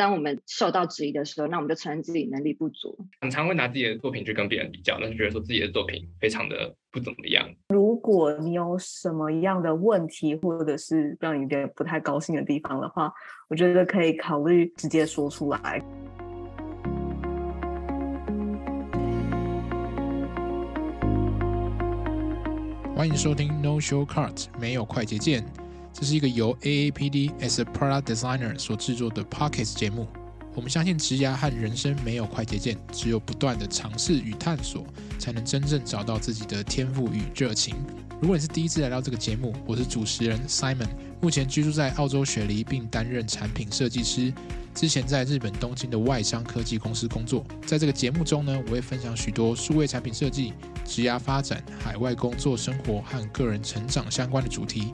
當我們受到質疑的時候，那我們就承認自己能力不足。很常會拿自己的作品去跟別人比較，那就覺得說自己的作品非常的不怎麼樣。如果你有什麼樣的問題，或者是讓你有點不太高興的地方的話，我覺得可以考慮直接說出來。歡迎收聽 No Shortcuts，沒有快捷鍵。這是一個由 A A P D as a Product Designer 所製作的 Pockets 節目。我們相信，職涯和人生沒有快捷鍵，只有不斷地嘗試與探索，才能真正找到自己的天賦與熱情。如果你是第一次來到這個節目，我是主持人 Simon，目前居住在澳洲雪梨，並擔任產品設計師。之前在日本東京的外商科技公司工作。在這個節目中呢，我會分享許多數位產品設計、職涯發展、海外工作生活和個人成長相關的主題。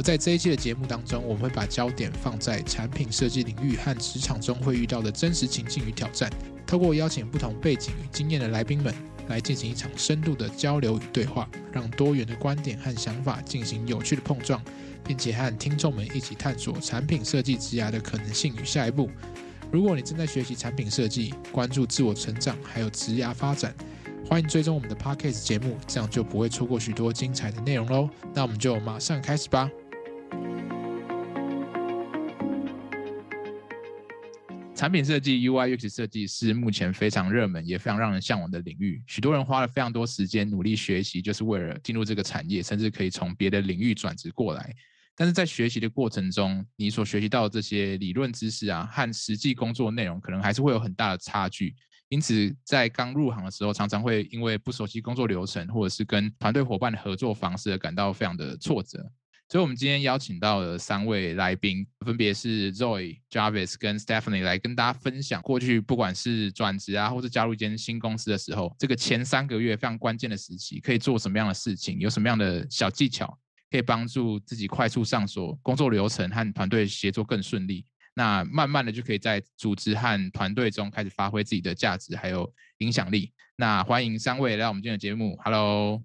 而在這一期的節目當中，我們會把焦點放在產品設計領域和職場中會遇到的真實情境與挑戰。透過邀請不同背景與經驗的來賓們，來進行一場深度的交流與對話，讓多元的觀點和想法進行有趣的碰撞，並且和聽眾們一起探索產品設計職涯的可能性與下一步。如果你正在學習產品設計、關注自我成長還有職涯發展，歡迎追蹤我們的 Podcast 節目，這樣就不會錯過許多精彩的內容嘍。那我們就馬上開始吧。產品設計、UI、UX 設計是目前非常熱門，也非常讓人向往的領域。許多人花了非常多時間努力學習，就是為了進入這個產業，甚至可以從別的領域轉職過來。但是在學習的過程中，你所學習到的這些理論知識啊，和實際工作內容可能還是會有很大的差距。因此，在剛入行的時候，常常會因為不熟悉工作流程，或者是跟團隊夥伴的合作方式，而感到非常的挫折。所以，我們今天邀請到了三位來賓，分別是 Zoe、Jarvis 跟 Stephanie 來跟大家分享，過去不管是轉職啊，或者加入一間新公司的時候，這個前三個月非常關鍵的時期，可以做什麼樣的事情，有什麼樣的小技巧，可以幫助自己快速上手工作流程和團隊協作更順利。那慢慢的就可以在組織和團隊中開始發揮自己的價值還有影響力。那歡迎三位來我們今天的節目。Hello，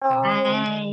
拜。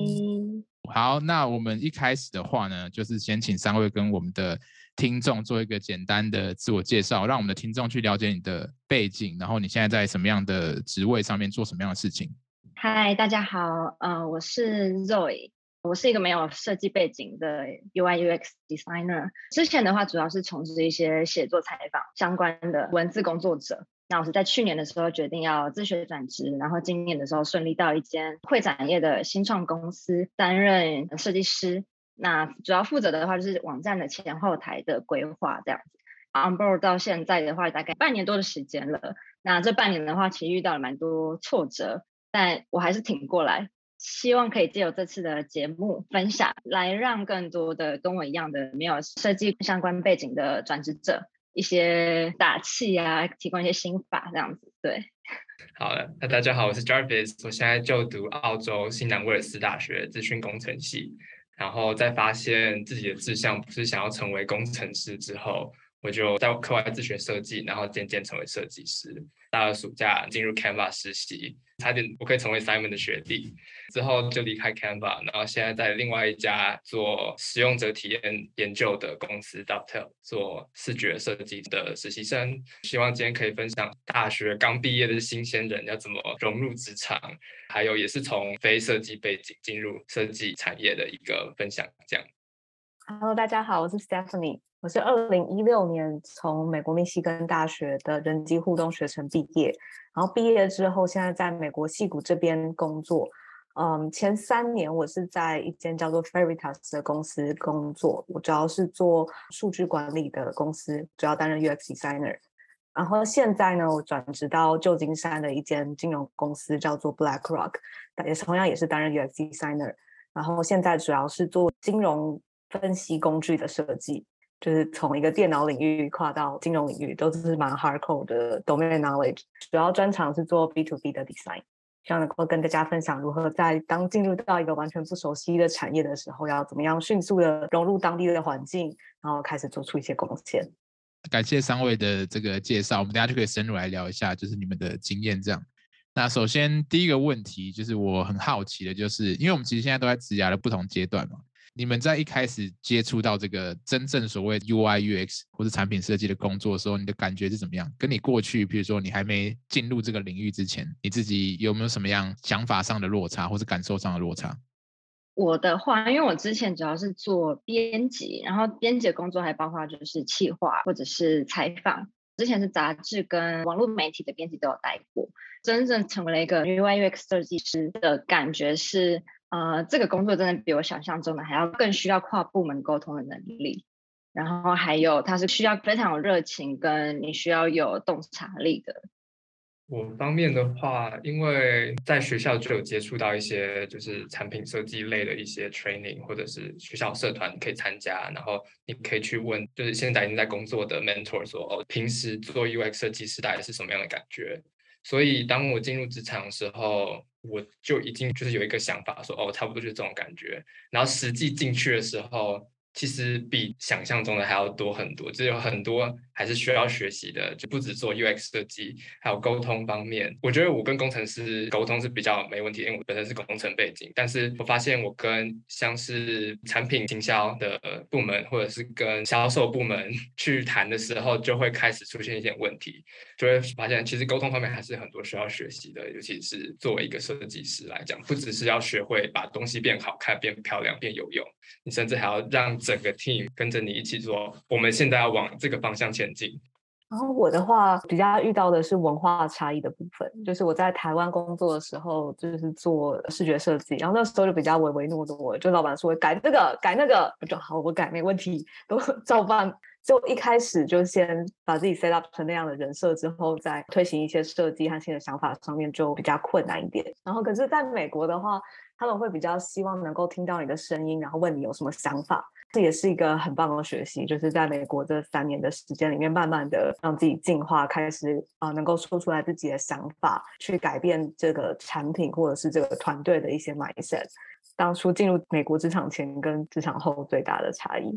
好，那我們一開始的話呢，就是先請三位跟我們的聽眾做一個簡單的自我介紹，讓我們的聽眾去了解你的背景，然後你現在在什麼樣的職位上面做什麼樣的事情。嗨，大家好，呃，我是 Zoe。我是一個沒有設計背景的 UI UX designer，之前的話主要是從事一些寫作採訪相關的文字工作者。那我是在去年的時候決定要自學轉職，然後今年的時候順利到一間會展業的新創公司擔任設計師。那主要負責的話就是網站的前後台的規劃這樣子。on board 到現在的話，大概半年多的時間了。那這半年的話，其實遇到了蠻多挫折，但我還是挺過來。希望可以借由這次的節目分享，來讓更多的跟我一樣的沒有設計相關背景的轉職者，一些打氣啊，提供一些心法這樣子，對。好了，那大家好，我是 Jarvis，我現在就讀澳洲新南威爾士大學的資訊工程系，然後在發現自己的志向不是想要成為工程師之後。我就在課外自學設計，然後漸漸成為設計師。大二暑假進入 Canva 實習，差點我可以成為 Simon 的學弟。之後就離開 Canva，然後現在在另外一家做使用者體驗研究的公司 Dovetail 做視覺設計的實習生。希望今天可以分享大學剛畢業的新鮮人要怎麼融入職場，還有也是從非設計背景進入設計產業的一個分享，這樣。Hello，大家好，我是 Stephanie。我是二零一六年從美國密西根大學的人機互動學程畢業，然後畢業之後現在在美國矽谷這邊工作。嗯，前三年我是在一間叫做 Feritas 的公司工作，我主要是做數據管理的公司，主要擔任 UX designer。然後現在呢，我轉職到舊金山的一間金融公司，叫做 BlackRock，也是同樣也是擔任 UX designer。然後現在主要是做金融。分析工具的設計，就是從一個電腦領域跨到金融領域，都是蠻 hardcore 的 domain knowledge。主要專長是做 B to B 的 design，希望能夠跟大家分享如何在剛進入到一個完全不熟悉的產業的時候，要怎麼樣迅速的融入當地的環境，然後開始做出一些貢獻。感謝三位的這個介紹，我們等下就可以深入來聊一下，就是你們的經驗這樣。那首先第一個問題就是我很好奇的，就是因為我們其實現在都在職涯的不同階段嘛。你們在一開始接觸到這個真正所謂 UI UX 或者產品設計的工作的時候，你的感覺是怎麼樣？跟你過去，比如說你還沒進入這個領域之前，你自己有沒有什麼樣想法上的落差，或是感受上的落差？我的話，因為我之前主要是做編輯，然後編輯的工作還包括就是企劃或者是採訪。之前是雜誌跟網絡媒體的編輯都有待過。真正成為了一個 UI UX 設計師的感覺是。呃，這個工作真的比我想象中的還要更需要跨部門溝通的能力，然後還有他是需要非常有熱情，跟你需要有洞察力的。我方面的話，因為在學校就有接觸到一些就是產品設計類的一些 training，或者是學校社團可以參加，然後你可以去問，就是現在已經在工作的 mentor 說，哦，平時做 UX 設計師大概是什麼樣的感覺？所以當我進入職場的時候。我就已經就是有一個想法說，說哦，差不多就是這種感覺。然後實際進去的時候，其實比想象中的還要多很多，只有很多還是需要學習的，就不止做 UX 設計，還有溝通方面。我覺得我跟工程師溝通是比較沒問題，因為我本身是工程背景，但是我發現我跟像是產品、行銷的部門，或者是跟銷售部門去談的時候，就會開始出現一些問題，就會發現其實溝通方面還是很多需要學習的，尤其是作為一個設計師來講，不只是要學會把東西變好看、變漂亮、變有用，你甚至還要讓。整個 team 跟着你一起做，我們現在要往這個方向前進。然後我的話，比較遇到的是文化差異的部分，就是我在台灣工作的時候，就是做視覺設計，然後那時候就比較唯唯諾諾，就老板說改這個改那個，我、那個、就好，我改沒問題，都照辦。就一開始就先把自己 set up 成那樣的人設，之後再推行一些設計和新的想法上面就比較困難一點。然後可是在美國的話，他們會比較希望能夠聽到你的聲音，然後問你有什麼想法。這也是一個很棒的學習，就是在美國這三年的時間裡面，慢慢的讓自己進化，開始啊、呃，能夠說出來自己的想法，去改變這個產品或者是這個團隊的一些 mindset。當初進入美國職場前跟職場後最大的差異？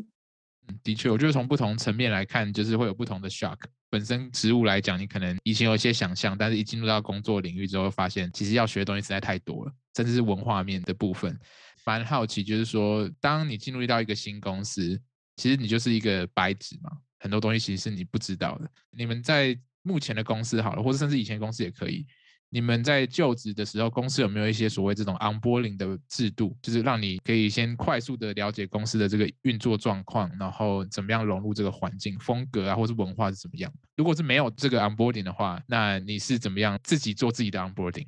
嗯，的確，我覺得從不同層面來看，就是會有不同的 shock。本身職務來講，你可能已經有一些想象，但是一進入到工作領域之後，發現其實要學的東西實在太多了，甚至是文化面的部分。蠻好奇，就是說，當你進入到一個新公司，其實你就是一個白紙嘛，很多東西其實是你不知道的。你們在目前的公司好了，或者甚至以前公司也可以，你們在就職的時候，公司有沒有一些所謂這種 onboarding 的制度，就是讓你可以先快速的了解公司的這個運作狀況，然後怎麼樣融入這個環境、風格啊，或是文化是怎麼樣？如果是沒有這個 onboarding 的話，那你是怎麼樣自己做自己的 onboarding？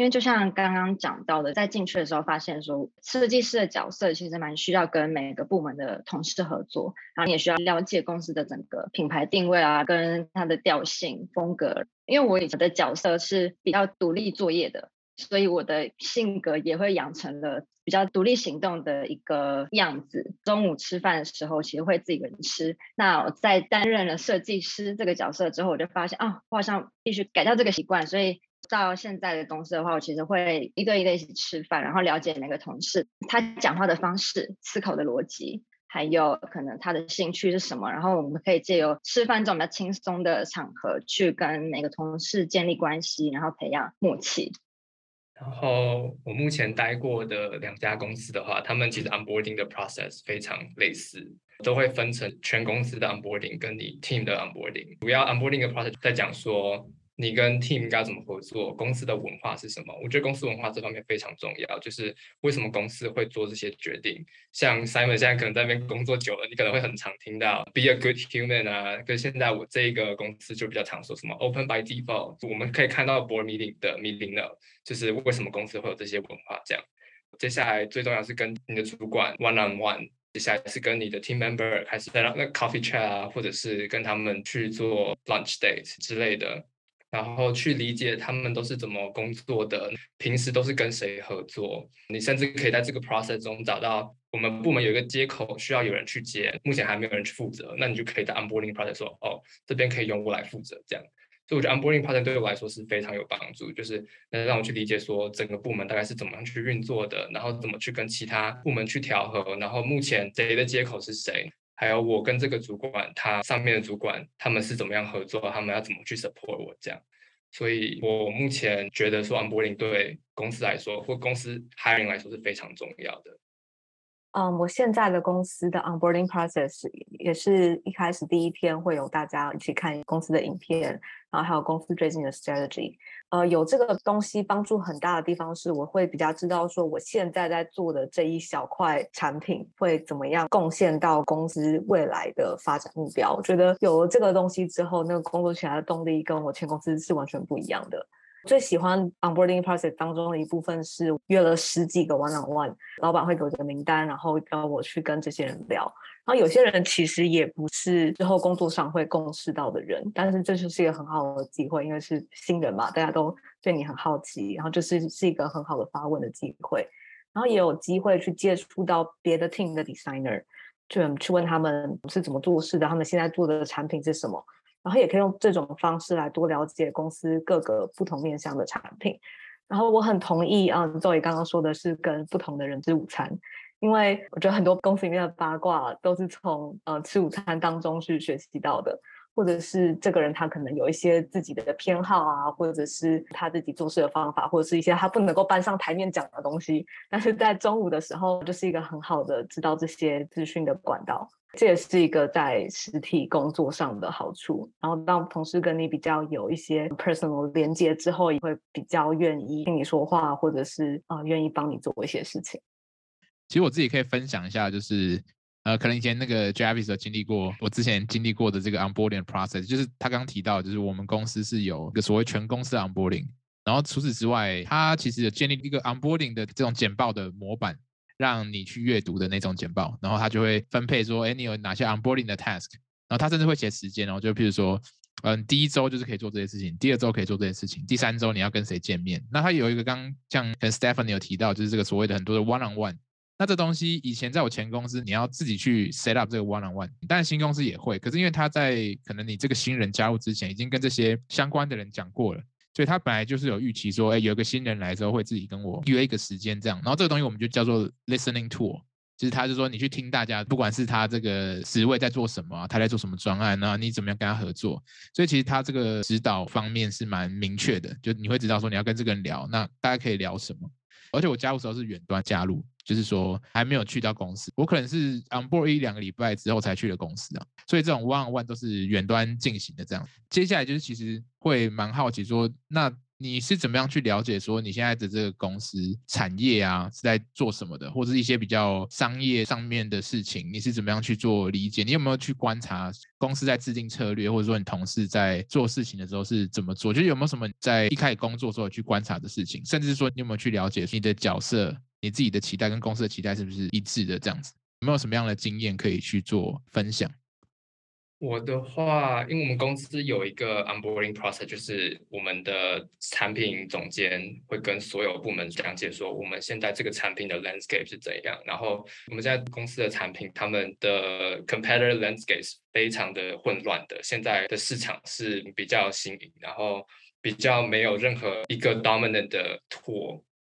因為就像剛剛講到的，在進去的時候發現說，設計師的角色其實蠻需要跟每個部門的同事合作，然後也需要了解公司的整個品牌定位啊，跟它的調性風格。因為我以前的角色是比較獨立作業的，所以我的性格也會養成了比較獨立行動的一個樣子。中午吃飯的時候，其實會自己一個人吃。那我在擔任了設計師這個角色之後，我就發現啊，哦，我好像必須改掉這個習慣，所以。到現在的公司的話，我其實會一對一的一起吃飯，然後了解每個同事他講話的方式、思考的邏輯，還有可能他的興趣是什麼。然後我們可以借由吃飯這種比較輕鬆的場合，去跟每個同事建立關係，然後培養默契。然後我目前待過的兩家公司的話，他們其實 onboarding 的 process 非常類似，都會分成全公司的 onboarding 跟你 team 的 onboarding。主要 onboarding 的 process 在講說。你跟 team 應該要怎麼合作？公司的文化是什麼？我覺得公司文化這方面非常重要。就是為什麼公司會做這些決定？像 Simon 現在可能在那邊工作久了，你可能會很常聽到 be a good human 啊。跟現在我這一個公司就比較常說什麼 open by default。我們可以看到 board meeting 的 meeting note，就是為什麼公司會有這些文化這樣。接下來最重要是跟你的主管 one on one。接下來是跟你的 team member 還是讓那 coffee chat 啊，或者是跟他們去做 lunch date 之類的。然後去理解他們都是怎麼工作的，平時都是跟誰合作。你甚至可以在這個 process 中找到我們部門有一個接口，需要有人去接，目前還沒有人去負責，那你就可以在 onboarding process 說，哦，這邊可以由我來負責這樣。所以我覺得 onboarding process 對我來說是非常有幫助，就是能讓我去理解說整個部門大概是怎麼樣去運作的，然後怎麼去跟其他部門去調和，然後目前誰的接口是誰。還有我跟這個主管，他上面的主管，他們是怎麼樣合作？他們要怎麼去 support 我這樣？所以我目前覺得說 onboarding 對公司來說，或公司 hiring 來說是非常重要的。嗯、um，我現在的公司的 onboarding process 也是一開始第一天會有大家一起看公司的影片，然後還有公司最近的 strategy。呃，有這個東西幫助很大的地方是，我會比較知道說我現在在做的這一小塊產品會怎麼樣貢獻到公司未來的發展目標。我覺得有了這個東西之後，那個工作起來的動力跟我前公司是完全不一樣的。最喜歡 onboarding process 當中的一部分是約了十幾個 one on one，老板會給我一個名單，然後讓我去跟這些人聊。然後有些人其實也不是之後工作上會共事到的人，但是這就是一個很好的機會，因為是新人嘛，大家都對你很好奇，然後就是是一個很好的發問的機會，然後也有機會去接觸到別的 team 的 designer，就去問他們是怎麼做事的，他們現在做的產品是什麼。然後也可以用這種方式來多了解公司各個不同面向的產品。然後我很同意啊，Zoe 剛剛說的是跟不同的人吃午餐，因為我覺得很多公司裡面的八卦都是從呃吃午餐當中去學習到的，或者是這個人他可能有一些自己的偏好啊，或者是他自己做事的方法，或者是一些他不能夠搬上台面講的東西。但是在中午的時候，就是一個很好的知道這些資訊的管道。這也是一個在實體工作上的好處。然後當同事跟你比較有一些 personal 連接之後，也會比較願意聽你說話，或者是啊、呃，願意幫你做一些事情。其實我自己可以分享一下，就是呃，可能以前那個 Jarvis 有經歷過，我之前經歷過的這個 onboarding process，就是他剛剛提到，就是我們公司是有一個所謂全公司的 onboarding。然後除此之外，他其實有建立一個 onboarding 的這種簡報的模板。讓你去閱讀的那種簡報，然後他就會分配說，哎，你有哪些 onboarding 的 task，然後他甚至會寫時間哦，就譬如說，嗯，第一周就是可以做這些事情，第二周可以做這些事情，第三周你要跟誰見面。那他有一個剛像跟 Stephanie 有提到，就是這個所謂的很多的 one on one，那這東西以前在我前公司你要自己去 set up 這個 one on one，但新公司也會，可是因為他在可能你這個新人加入之前，已經跟這些相關的人講過了。對，他本來就是有預期說，哎，有個新人來之後會自己跟我約一個時間這樣，然後這個東西我們就叫做 listening tour，其實就是他就說你去聽大家，不管是他這個職位在做什麼，他在做什麼專案，然後你怎麼樣跟他合作，所以其實他這個指導方面是蠻明確的，就你會知道說你要跟這個人聊，那大家可以聊什麼，而且我加入時候是遠端加入。就是說還沒有去到公司，我可能是 on board 一兩個禮拜之後才去的公司啊，所以這種 one on one 都是遠端進行的這樣。接下來就是其實會蠻好奇說，那你是怎麼樣去了解說你現在的這個公司產業啊是在做什麼的，或者是一些比較商業上面的事情，你是怎麼樣去做理解？你有沒有去觀察公司在制定策略，或者說你同事在做事情的時候是怎麼做？就是有沒有什麼在一開始工作時候去觀察的事情，甚至說你有沒有去了解你的角色？你自己的期待跟公司的期待是不是一致的？這樣子有沒有什麼樣的經驗可以去做分享？我的話，因為我們公司有一個 onboarding process，就是我們的產品總監會跟所有部門講解說，我們現在這個產品的 landscape 是怎樣。然後，我們現在公司的產品，他們的 competitor landscape 是非常的混亂的。現在的市場是比較新穎，然後比較沒有任何一個 dominant 的 t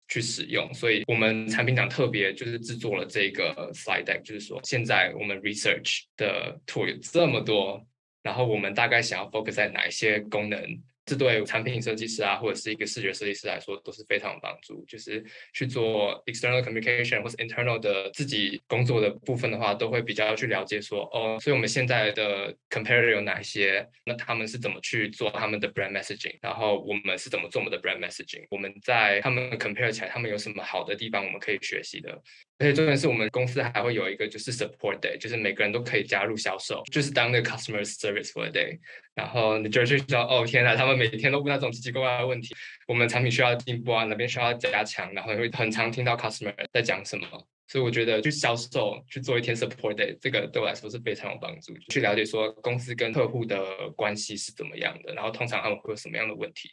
去使用，所以我們產品長特別就是制作了這個 slide deck，就是說現在我們 research 的 tool 有這麼多，然後我們大概想要 focus 在哪一些功能。這對產品設計師啊，或者是一個視覺設計師來說，都是非常有幫助。就是去做 external communication 或者 internal 的自己工作的部分的話，都會比較去了解說，哦，所以我們現在的 c o m p a t i 有哪一些？那他們是怎麼去做他們的 brand messaging？然後我們是怎麼做我們的 brand messaging？我們在他們 compare 起來，他們有什麼好的地方，我們可以學習的。而且重點是我們公司還會有一個就是 support day，就是每個人都可以加入銷售，就是當那個 customer service for a day。然後你就會知道，哦天哪，他們每天都問那種奇奇怪怪的問題，我們產品需要進步啊，哪邊需要加強，然後會很常聽到 customer 在講什麼。所以我覺得去，就銷售去做一天 support day，這個對我來說是非常有幫助，去了解說公司跟客戶的關係是怎麼樣的，然後通常他們會有什麼樣的問題。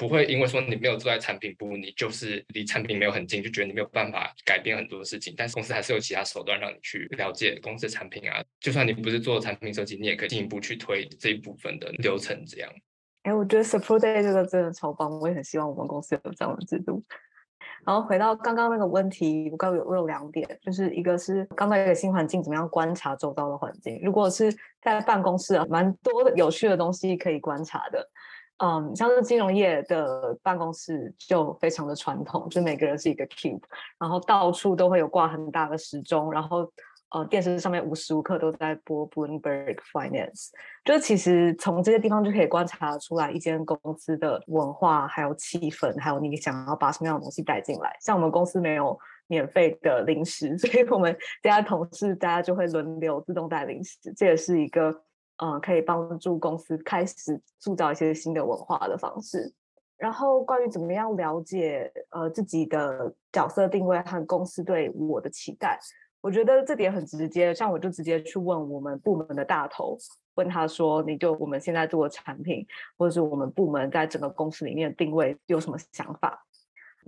不會因為說你沒有坐在產品部，你就是離產品沒有很近，就覺得你沒有辦法改變很多事情。但是公司還是有其他手段讓你去了解公司的產品啊。就算你不是做產品設計，你也可以進一步去推這一部分的流程。這樣，哎、欸，我覺得 Support Day 這個真的超棒，我也很希望我們公司有這樣的制度。然後回到剛剛那個問題，我剛有有兩點，就是一個是剛到一個新環境，怎麼樣觀察周遭的環境？如果是在辦公室啊，蠻多的有趣的東西可以觀察的。嗯，像是金融業的辦公室就非常的傳統，就每個人是一個 cube，然後到處都會有掛很大的時鐘，然後呃電視上面無時無刻都在播 Bloomberg Finance，就是其實從這些地方就可以觀察出來一間公司的文化、還有氣氛，還有你想要把什麼樣的東西帶進來。像我們公司沒有免費的零食，所以我們家同事大家就會輪流自動帶零食，這也是一個。嗯、呃，可以幫助公司開始塑造一些新的文化的方式。然後，關於怎麼樣了解呃自己的角色定位和公司對我的期待，我覺得這點很直接。像我就直接去問我們部門的大頭，問他說：“你對我們現在做的產品，或者是我們部門在整個公司裡面的定位，有什麼想法？”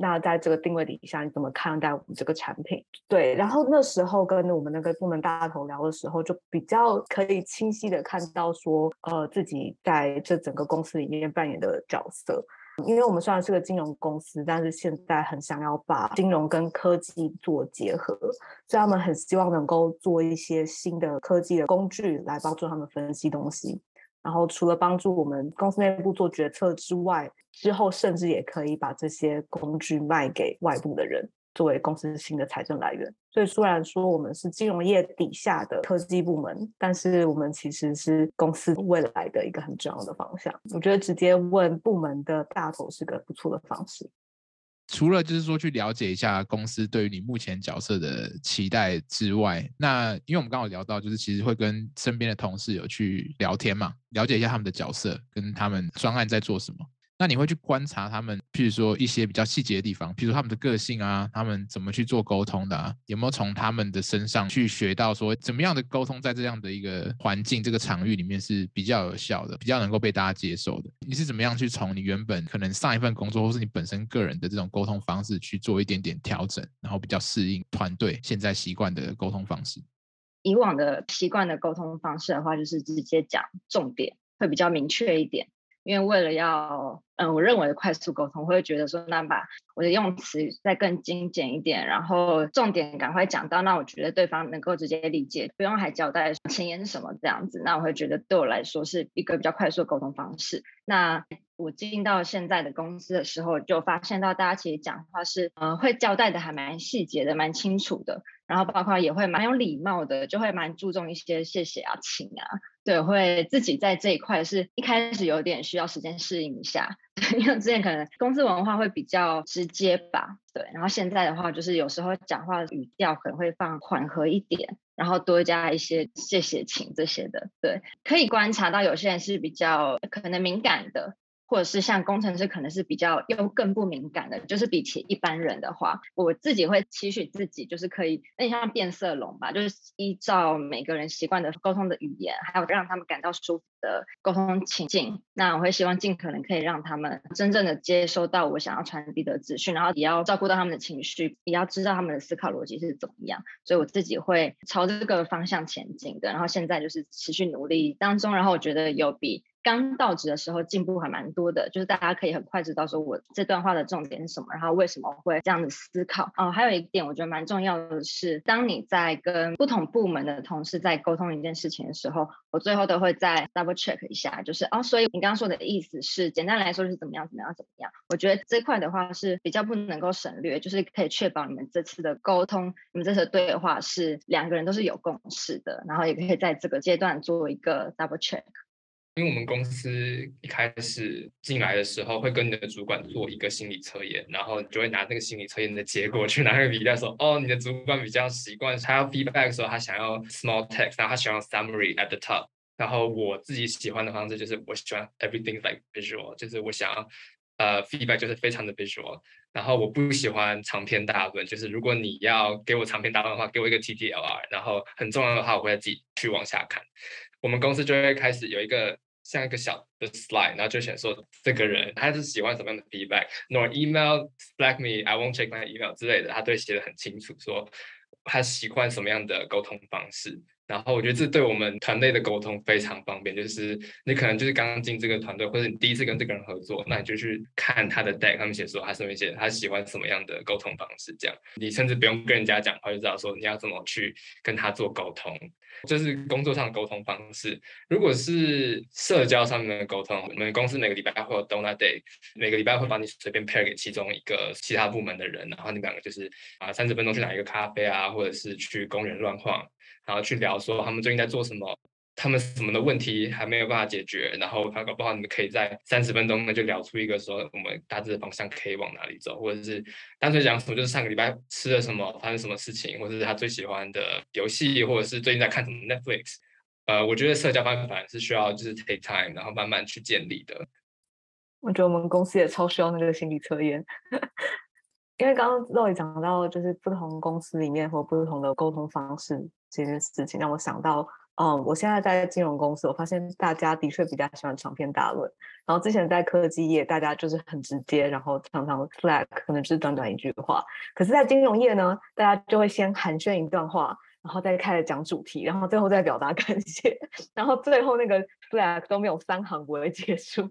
那在這個定位底下，你怎麼看待我們這個產品？對，然後那時候跟我們那個部門大頭聊的時候，就比較可以清晰的看到說，呃，自己在這整個公司裡面扮演的角色、嗯。因為我們雖然是個金融公司，但是現在很想要把金融跟科技做結合，所以他們很希望能夠做一些新的科技的工具來幫助他們分析東西。然後，除了幫助我們公司內部做決策之外，之後甚至也可以把這些工具賣給外部的人，作為公司新的財政來源。所以，雖然說我們是金融業底下的科技部門，但是我們其實是公司未來的一個很重要的方向。我覺得直接問部門的大頭是個不錯的方式。除了就是說去了解一下公司對於你目前角色的期待之外，那因為我們剛好聊到，就是其實會跟身邊的同事有去聊天嘛，了解一下他們的角色，跟他們專案在做什麼。那你會去觀察他們，譬如說一些比較細節的地方，譬如他們的個性啊，他們怎麼去做溝通的啊，有沒有從他們的身上去學到說怎麼樣的溝通在這樣的一個環境、這個場域裡面是比較有效的，比較能夠被大家接受的？你是怎麼樣去從你原本可能上一份工作，或是你本身個人的這種溝通方式去做一點點調整，然後比較適應團隊現在習慣的溝通方式？以往的習慣的溝通方式的話，就是直接講重點，會比較明確一點。因為為了要，嗯、呃，我認為快速溝通，我會覺得說，那把我的用詞再更精簡一點，然後重點趕快講到，那我覺得對方能夠直接理解，不用還交代前言是什麼這樣子，那我會覺得對我來說是一個比較快速的溝通方式。那我進到現在的公司的時候，就發現到大家其實講話是，嗯、呃，會交代的還蠻細節的，蠻清楚的。然後包括也會蠻有禮貌的，就會蠻注重一些謝謝啊，請啊，對，會自己在這一塊是一開始有點需要時間適應一下，因為之前可能公司文化會比較直接吧，對，然後現在的話就是有時候講話語調可能會放緩和一點，然後多加一些謝謝請這些的，對，可以觀察到有些人是比較可能敏感的。或者是像工程師，可能是比較又更不敏感的，就是比起一般人的話，我自己會期許自己，就是可以，那你像變色龍吧，就是依照每個人習慣的溝通的語言，還有讓他們感到舒服的溝通情境，那我會希望盡可能可以讓他們真正的接收到我想要傳遞的資訊，然後也要照顧到他們的情緒，也要知道他們的思考邏輯是怎麼樣，所以我自己會朝著這個方向前進的，然後現在就是持續努力當中，然後我覺得有比。剛到職的時候進步還蠻多的，就是大家可以很快知道說我這段話的重點是什麼，然後為什麼會這樣子思考。哦，還有一點我覺得蠻重要的是，當你在跟不同部門的同事在溝通一件事情的時候，我最後都會再 double check 一下，就是哦，所以你剛剛說的意思是，簡單來說是怎麼樣，怎麼樣，怎麼樣？我覺得這塊的話是比較不能夠省略，就是可以確保你們這次的溝通，你們這次的對話是兩個人都是有共識的，然後也可以在這個階段做一個 double check。因為我們公司一開始進來的時候，會跟你的主管做一個心理測驗，然後你就會拿那個心理測驗的結果去拿個筆在說，哦，你的主管比較習慣他要 feedback 的時候，他想要 small text，然後他想要 summary at the top，然後我自己喜歡的方式就是我喜歡 everything like visual，就是我想要呃 feedback 就是非常的 visual，然後我不喜歡長篇大論，就是如果你要給我長篇大論的話，給我一個 TLDR 然後很重要的話我會自己去往下看。我們公司就會開始有一個像一個小的 slide，然後就想說這個人他是喜歡什麼樣的 feedback，nor email, slack me，I won't check my email 之類的，他都寫的很清楚，說他習慣什麼樣的溝通方式。然後我覺得這對我們團隊的溝通非常方便，就是你可能就是剛進這個團隊，或者你第一次跟這個人合作，那你就去看他的 deck，他們寫說他上面寫他喜歡什麼樣的溝通方式，這樣你甚至不用跟人家講話就知道說你要怎麼去跟他做溝通，這、就是工作上的溝通方式。如果是社交上面的溝通，我們公司每個禮拜會有 donut day，每個禮拜會把你隨便 pair 給其中一個其他部門的人，然後你們兩個就是啊三十分鐘去拿一個咖啡啊，或者是去公園亂晃。然後去聊說他們最近在做什麼，他們什麼的問題還沒有辦法解決，然後他搞不好你們可以在三十分鐘那就聊出一個說我們大致的方向可以往哪裡走，或者是單純講我就是上個禮拜吃了什麼，發生什麼事情，或者是他最喜歡的遊戲，或者是最近在看什麼 Netflix。呃，我覺得社交方面反而是需要就是 take time，然後慢慢去建立的。我覺得我們公司也超需要那個心理測驗， 因為剛剛 Zoe 講到就是不同公司裡面或不同的溝通方式。這件事情讓我想到，嗯，我現在在金融公司，我發現大家的確比較喜歡長篇大論。然後之前在科技業，大家就是很直接，然後常常 Slack 可能只是短短一句話。可是，在金融業呢，大家就會先寒暄一段話，然後再開始講主題，然後最後再表達感謝，然後最後那個 Slack 都沒有三行不會結束。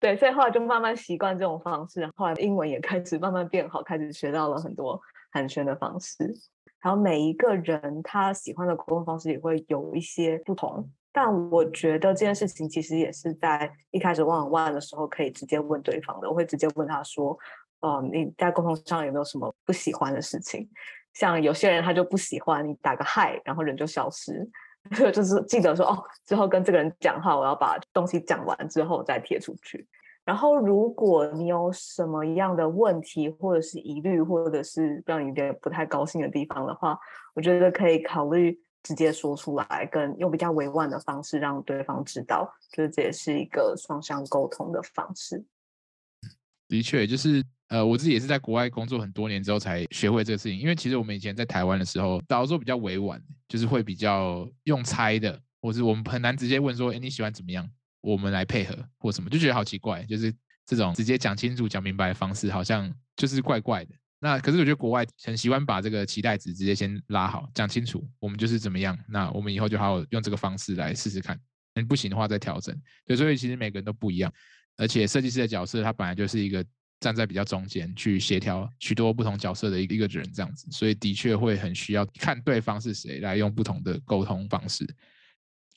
對，所以後來就慢慢習慣這種方式，後來英文也開始慢慢變好，開始學到了很多寒暄的方式。然後每一個人他喜歡的溝通方式也會有一些不同，但我覺得這件事情其實也是在一開始 one on one 的時候可以直接問對方的，我會直接問他說：“哦、嗯，你在溝通上有沒有什麼不喜歡的事情？”像有些人他就不喜歡你打個嗨，然後人就消失，所以就是記得說哦，之後跟這個人講話，我要把東西講完之後再貼出去。然後，如果你有什麼樣的問題，或者是疑慮，或者是讓你覺得不太高興的地方的話，我覺得可以考慮直接說出來，跟用比較委婉的方式讓對方知道，就是這也是一個雙向溝通的方式。嗯、的確，就是呃，我自己也是在國外工作很多年之後才學會這個事情，因為其實我們以前在台灣的時候，大多都比較委婉，就是會比較用猜的，或是我們很難直接問說，誒，你喜歡怎麼樣？我們來配合或什麼，就覺得好奇怪，就是這種直接講清楚、講明白的方式，好像就是怪怪的。那可是我覺得國外很喜歡把這個期待值直接先拉好，講清楚，我們就是怎麼樣。那我們以後就好好用這個方式來試試看，嗯，不行的話再調整。所以其實每個人都不一樣，而且設計師的角色他本來就是一個站在比較中間去協調許多不同角色的一個一個人這樣子，所以的確會很需要看對方是誰來用不同的溝通方式。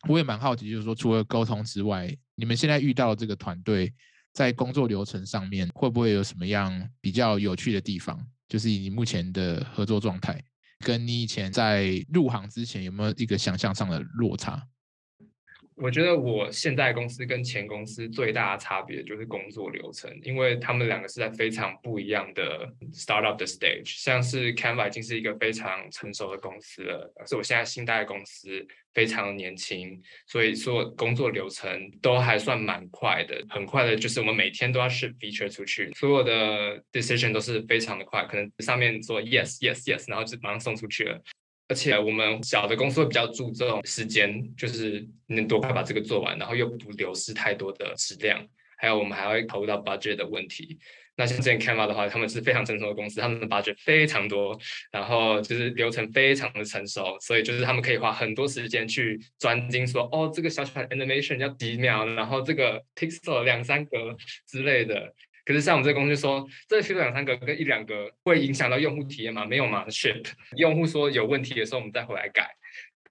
我也蠻好奇，就是說，除了溝通之外，你們現在遇到這個團隊在工作流程上面會不會有什麼樣比較有趣的地方？就是你目前的合作狀態，跟你以前在入行之前有沒有一個想象上的落差？我覺得我現在公司跟前公司最大的差別就是工作流程，因為他們兩個是在非常不一樣的 startup 的 stage。像是 Canva 已經是一個非常成熟的公司了，但是我現在新待的公司非常年輕，所以說工作流程都還算蠻快的，很快的，就是我們每天都要 ship feature 出去，所有的 decision 都是非常的快，可能上面說 yes yes yes，然後就馬上送出去了。而且我們小的公司會比較注重時間，就是能多快把這個做完，然後又不流失太多的質量。還有我們還會投入到 budget 的問題。那像之前 Canva 的話，他們是非常成熟的公司，他們的 budget 非常多，然後就是流程非常的成熟，所以就是他們可以花很多時間去專精說，哦，這個小小的 animation 要幾秒，然後這個 pixel 兩三格之類的。可是像我們這個公司說，這出了兩三個跟一兩個，會影響到用戶體驗嗎？沒有嘛。用戶說有問題的時候，我們再回來改。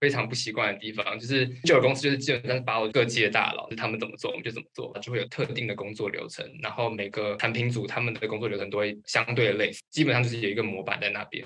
非常不習慣的地方，就是舊的公司就是基本上把我各屆大佬，就是，他們怎麼做，我們就怎麼做，就會有特定的工作流程。然後每個產品組他們的工作流程都會相對的類似，基本上就是有一個模板在那邊。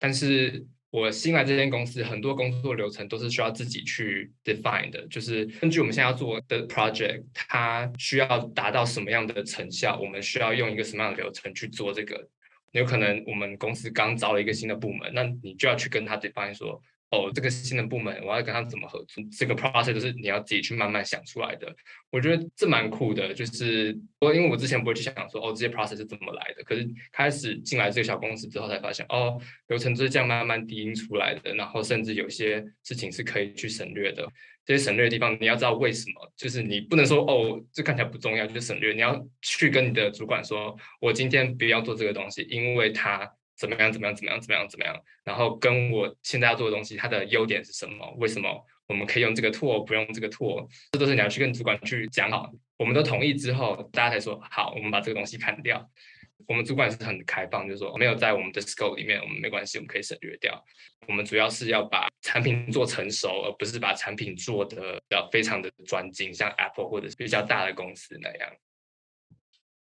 但是。我新來這間公司，很多工作流程都是需要自己去 define 的，就是根據我們現在要做的 project，它需要達到什麼樣的成效，我們需要用一個什麼樣的流程去做這個。有可能我們公司剛招了一個新的部門，那你就要去跟他 define 說。哦，這個新的部門，我要跟他怎麼合作？這個 process 就是你要自己去慢慢想出來的。我覺得這蠻酷的，就是我因為我之前不會去想說，哦，這些 process 是怎麼來的。可是開始進來這個小公司之後，才發現，哦，流程就是這樣慢慢低音出來的。然後甚至有些事情是可以去省略的，這些省略的地方，你要知道為什麼。就是你不能說，哦，這看起來不重要就是省略。你要去跟你的主管說，我今天不要做這個東西，因為他……怎麼樣？怎麼樣？怎麼樣？怎麼樣？怎麼樣？然後跟我現在要做的東西，它的優點是什麼？為什麼我們可以用這個 tool 不用這個 tool？這都是你要去跟主管去講好。我們都同意之後，大家才說好，我們把這個東西砍掉。我們主管是很開放，就是說沒有在我們的 scope 裡面，我們沒關係，我們可以省略掉。我們主要是要把產品做成熟，而不是把產品做得要非常的專精，像 Apple 或者是比較大的公司那樣。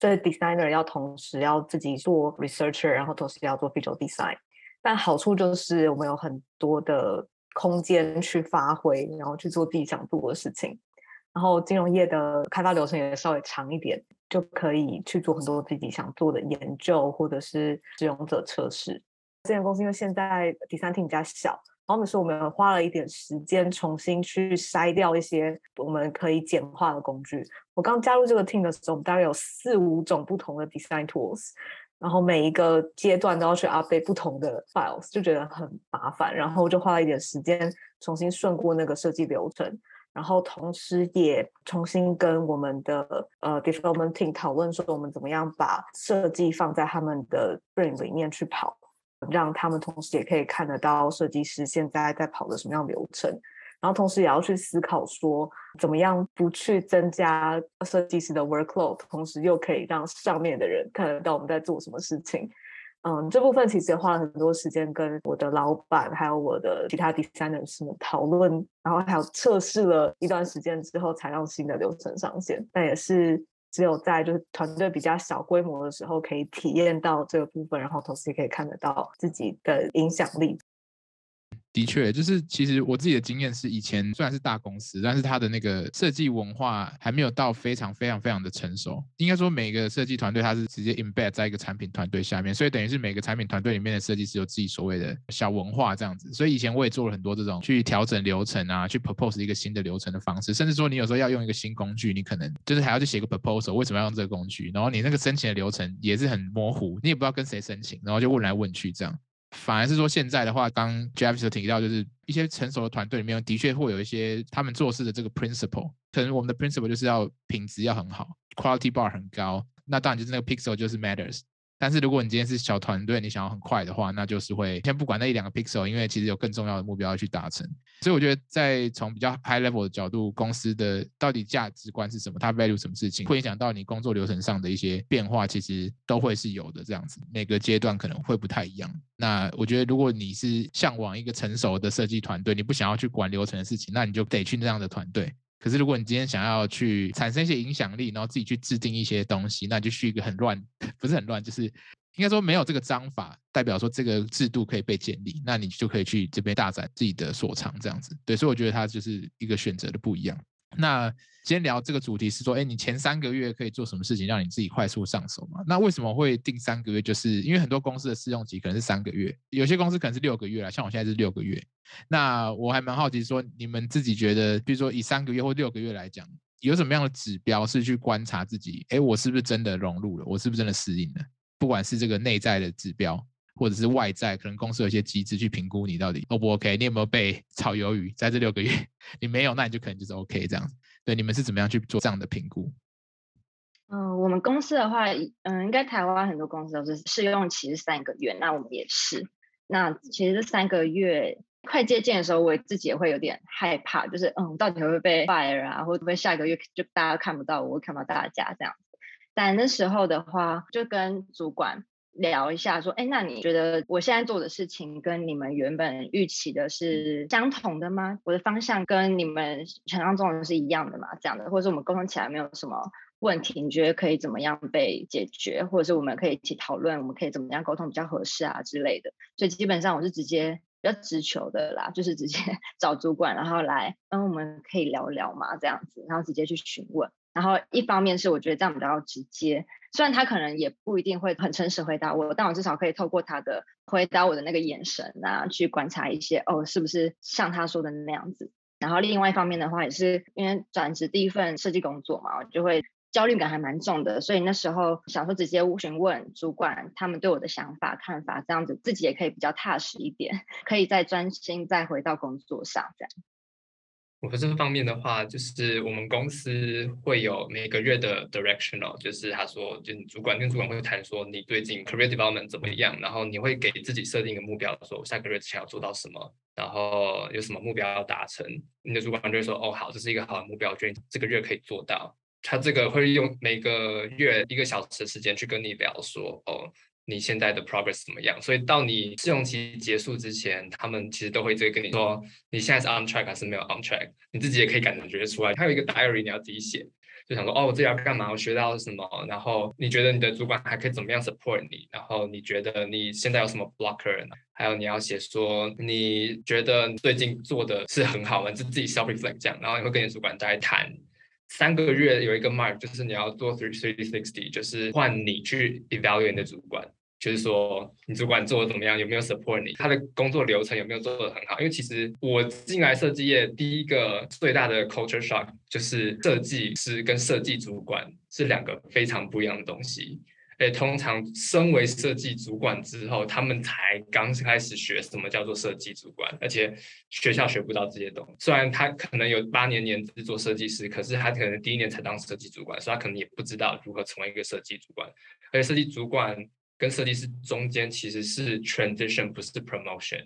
所以 d e s i g n e r 要同時要自己做 researcher，然後同時要做 visual design。但好處就是我們有很多的空間去發揮，然後去做自己想做的事情。然後金融業的開發流程也稍微長一點，就可以去做很多自己想做的研究，或者是使用者測試。這家公司因為現在 design 挺比較小。然後我們說，我們花了一點時間重新去篩掉一些我們可以簡化的工具。我剛加入這個 team 的時候，我們大概有四五種不同的 design tools，然後每一個階段都要去 update 不同的 files，就覺得很麻煩。然後就花了一點時間重新順過那個設計流程，然後同時也重新跟我們的呃 development team 討論，說我們怎麼樣把設計放在他們的 brain 裡面去跑。讓他們同時也可以看得到設計師現在在跑的什麼樣流程，然後同時也要去思考說怎麼樣不去增加設計師的 workload，同時又可以讓上面的人看得到我們在做什麼事情。嗯，這部分其實也花了很多時間跟我的老板還有我的其他 designers 們討論，然後還有測試了一段時間之後才讓新的流程上線。那也是。只有在就是團隊比較小規模的時候，可以體驗到這個部分，然後同時也可以看得到自己的影響力。的確，就是其實我自己的經驗是，以前雖然是大公司，但是它的那個設計文化還沒有到非常非常非常的成熟。應該說，每個設計團隊它是直接 embed 在一個產品團隊下面，所以等於是每個產品團隊裡面的設計師有自己所謂的小文化這樣子。所以以前我也做了很多這種去調整流程啊，去 propose 一個新的流程的方式，甚至說你有時候要用一個新工具，你可能就是還要去寫個 proposal，為什麼要用這個工具？然後你那個申請的流程也是很模糊，你也不知道跟誰申請，然後就問來問去這樣。反而是說，現在的話，當 Jarvis 提到，就是一些成熟的團隊裡面，的確會有一些他們做事的這個 principle。可能我們的 principle 就是要品質要很好，quality bar 很高。那當然就是那個 pixel 就是 matters。但是如果你今天是小團隊，你想要很快的話，那就是會先不管那一兩個 pixel，因為其實有更重要的目標要去達成。所以我覺得，在從比較 high level 的角度，公司的到底價值觀是什麼，它 value 什麼事情，會影響到你工作流程上的一些變化，其實都會是有的。這樣子，每個階段可能會不太一樣。那我覺得，如果你是嚮往一個成熟的設計團隊，你不想要去管流程的事情，那你就得去那樣的團隊。可是，如果你今天想要去產生一些影響力，然後自己去制定一些東西，那就去一個很亂，不是很亂，就是。應該說沒有這個章法，代表說這個制度可以被建立，那你就可以去這邊大展自己的所長，這樣子。對，所以我覺得它就是一個選擇的不一樣。那今天聊這個主題是說，哎，你前三個月可以做什麼事情，讓你自己快速上手嘛？那為什麼會定三個月？就是因為很多公司的試用期可能是三個月，有些公司可能是六個月了，像我現在是六個月。那我還蠻好奇，說你們自己覺得，比如說以三個月或六個月來講，有什麼樣的指標是去觀察自己？哎，我是不是真的融入了？我是不是真的適應了？不管是這個內在的指標，或者是外在，可能公司有一些機制去評估你到底 O 不 OK，你有沒有被炒魷魚？在這六個月，你沒有，那你就可能就是 OK 這樣子。對，你們是怎麼樣去做這樣的評估？嗯，我們公司的話，嗯，應該台灣很多公司都是試用期是三個月，那我們也是。那其實這三個月快接近的時候，我自己也會有點害怕，就是嗯，到底會不會被 fire 啊，或者會不會下個月就大家看不到我，我看不到大家這樣。但那時候的話，就跟主管聊一下，說：“哎，那你覺得我現在做的事情跟你們原本預期的是相同的嗎？我的方向跟你們想象中的是一樣的嗎？這樣的，或者我們溝通起來沒有什麼問題，你覺得可以怎麼樣被解決，或者是我們可以一起討論，我們可以怎麼樣溝通比較合適啊之類的。所以基本上我是直接比較直球的啦，就是直接找主管，然後來，嗯，我們可以聊聊嗎？這樣子，然後直接去詢問。”然後，一方面是我覺得這樣比較直接，雖然他可能也不一定會很誠實回答我，但我至少可以透過他的回答我的那個眼神啊，去觀察一些哦，是不是像他說的那樣子。然後另外一方面的話，也是因為轉職第一份設計工作嘛，我就會焦慮感還蠻重的，所以那時候想說直接詢問主管他們對我的想法看法，這樣子自己也可以比較踏實一點，可以再專心再回到工作上，這樣。我說這方面的話，就是我們公司會有每個月的 directional，就是他說，就主管跟主管會談說，你最近 career development 怎麼樣？然後你會給自己設定一個目標，說我下個月想要做到什麼，然後有什麼目標要達成。你的主管就會說，哦，好，這是一個好的目標，就這個月可以做到。他這個會用每個月一個小時的時間去跟你聊說，哦。你現在的 progress 怎麼樣？所以到你試用期結束之前，他們其實都會在跟你說，你現在是 on track 還是沒有 on track？你自己也可以感覺出來。還有一個 diary，你要自己寫，就想說，哦，我這要幹嘛？我學到了什麼？然後你覺得你的主管還可以怎麼樣 support 你？然後你覺得你現在有什麼 blocker？還有你要寫說，你覺得最近做的是很好，你自己 self reflect 這樣。然後你會跟你主管再談。三個月有一個 mark，就是你要做 three three sixty，就是換你去 evaluate 你的主管。就是說，你主管做的怎麼樣？有沒有 support 你？他的工作流程有沒有做得很好？因為其實我進來設計業第一個最大的 culture shock 就是設計師跟設計主管是兩個非常不一樣的東西。哎，通常身為設計主管之後，他們才剛開始學什麼叫做設計主管，而且學校學不到這些東西。雖然他可能有八年年資做設計師，可是他可能第一年才當設計主管，所以他可能也不知道如何成為一個設計主管，而且設計主管。跟設計師中間其實是 transition，不是 promotion，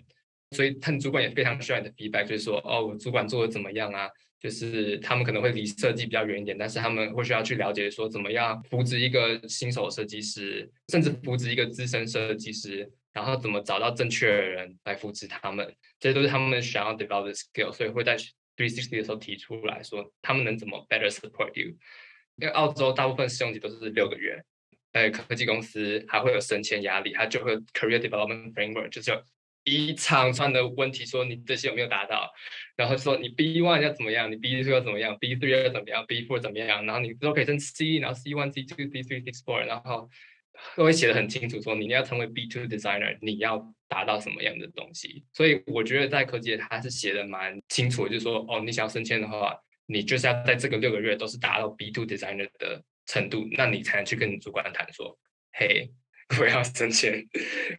所以他們主管也非常需要你的 feedback，就是說，哦，我主管做的怎麼樣啊？就是他們可能會離設計比較遠一點，但是他們會需要去了解說，怎麼樣扶植一個新手設計師，甚至扶植一個資深設計師，然後怎麼找到正確的人來扶持他們，這些都是他們想要 develop 的 skill，所以會在 three sixty 的時候提出來說，他們能怎麼 better support you？因為澳洲大部分試用期都是六個月。哎、呃，科技公司還會有升遷壓力，他就會 career development framework 就是有一長串的問題，說你這些有沒有達到，然後說你 B one 要怎麼樣，你 B two 要怎麼樣，B three 要怎麼樣，B four 怎麼樣，然後你都可以升 C，然後 C one、C two、C three、C four，然後都會寫的很清楚，說你要成為 B two designer，你要達到什麼樣的東西。所以我覺得在科技還是寫的蠻清楚，就是說哦，你想要升遷的話，你就是要在這個六個月都是達到 B two designer 的程度，那你才能去跟主管談說：“嘿，我要升遷，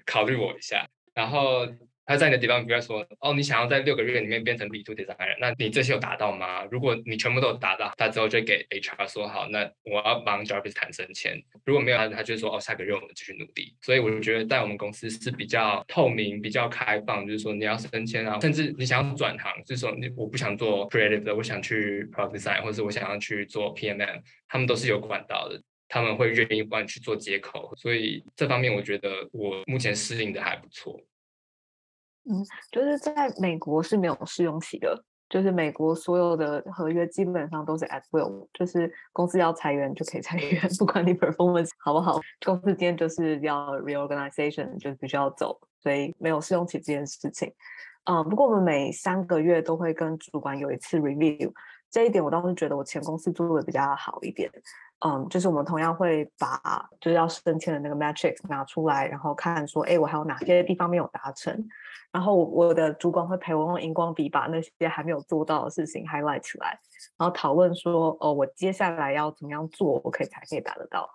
考慮我一下。”然後。他在你的地方，比如說，哦，你想要在六個月裡面變成 B2 designer，那你這些有達到嗎？如果你全部都達到，他之後就給 HR 說好，那我要幫 Jarvis 談升遷。如果沒有，他就說，哦，下個月我們繼續努力。所以我覺得在我們公司是比較透明、比較開放，就是說你要升遷啊，甚至你想要轉行，就是說你我不想做 creative 的，我想去 product design，或者我想要去做 P M M，他們都是有管道的，他們會願意幫你去做接口。所以這方面我覺得我目前適應的還不錯。嗯，就是在美國是沒有試用期的，就是美國所有的合約基本上都是 at will，就是公司要裁員就可以裁員，不管你 performance 好不好，公司今天就是要 reorganization 就是必須要走，所以沒有試用期這件事情。嗯，不過我們每三個月都會跟主管有一次 review，這一點我倒是覺得我前公司做的比較好一點。嗯，就是我們同樣會把就是要升遷的那個 matrix 拿出來，然後看說，哎、欸，我還有哪些地方沒有達成？然後我的主管會陪我用熒光筆把那些還沒有做到的事情 highlight 出來，然後討論說，哦，我接下來要怎麼樣做我可以才可以達得到？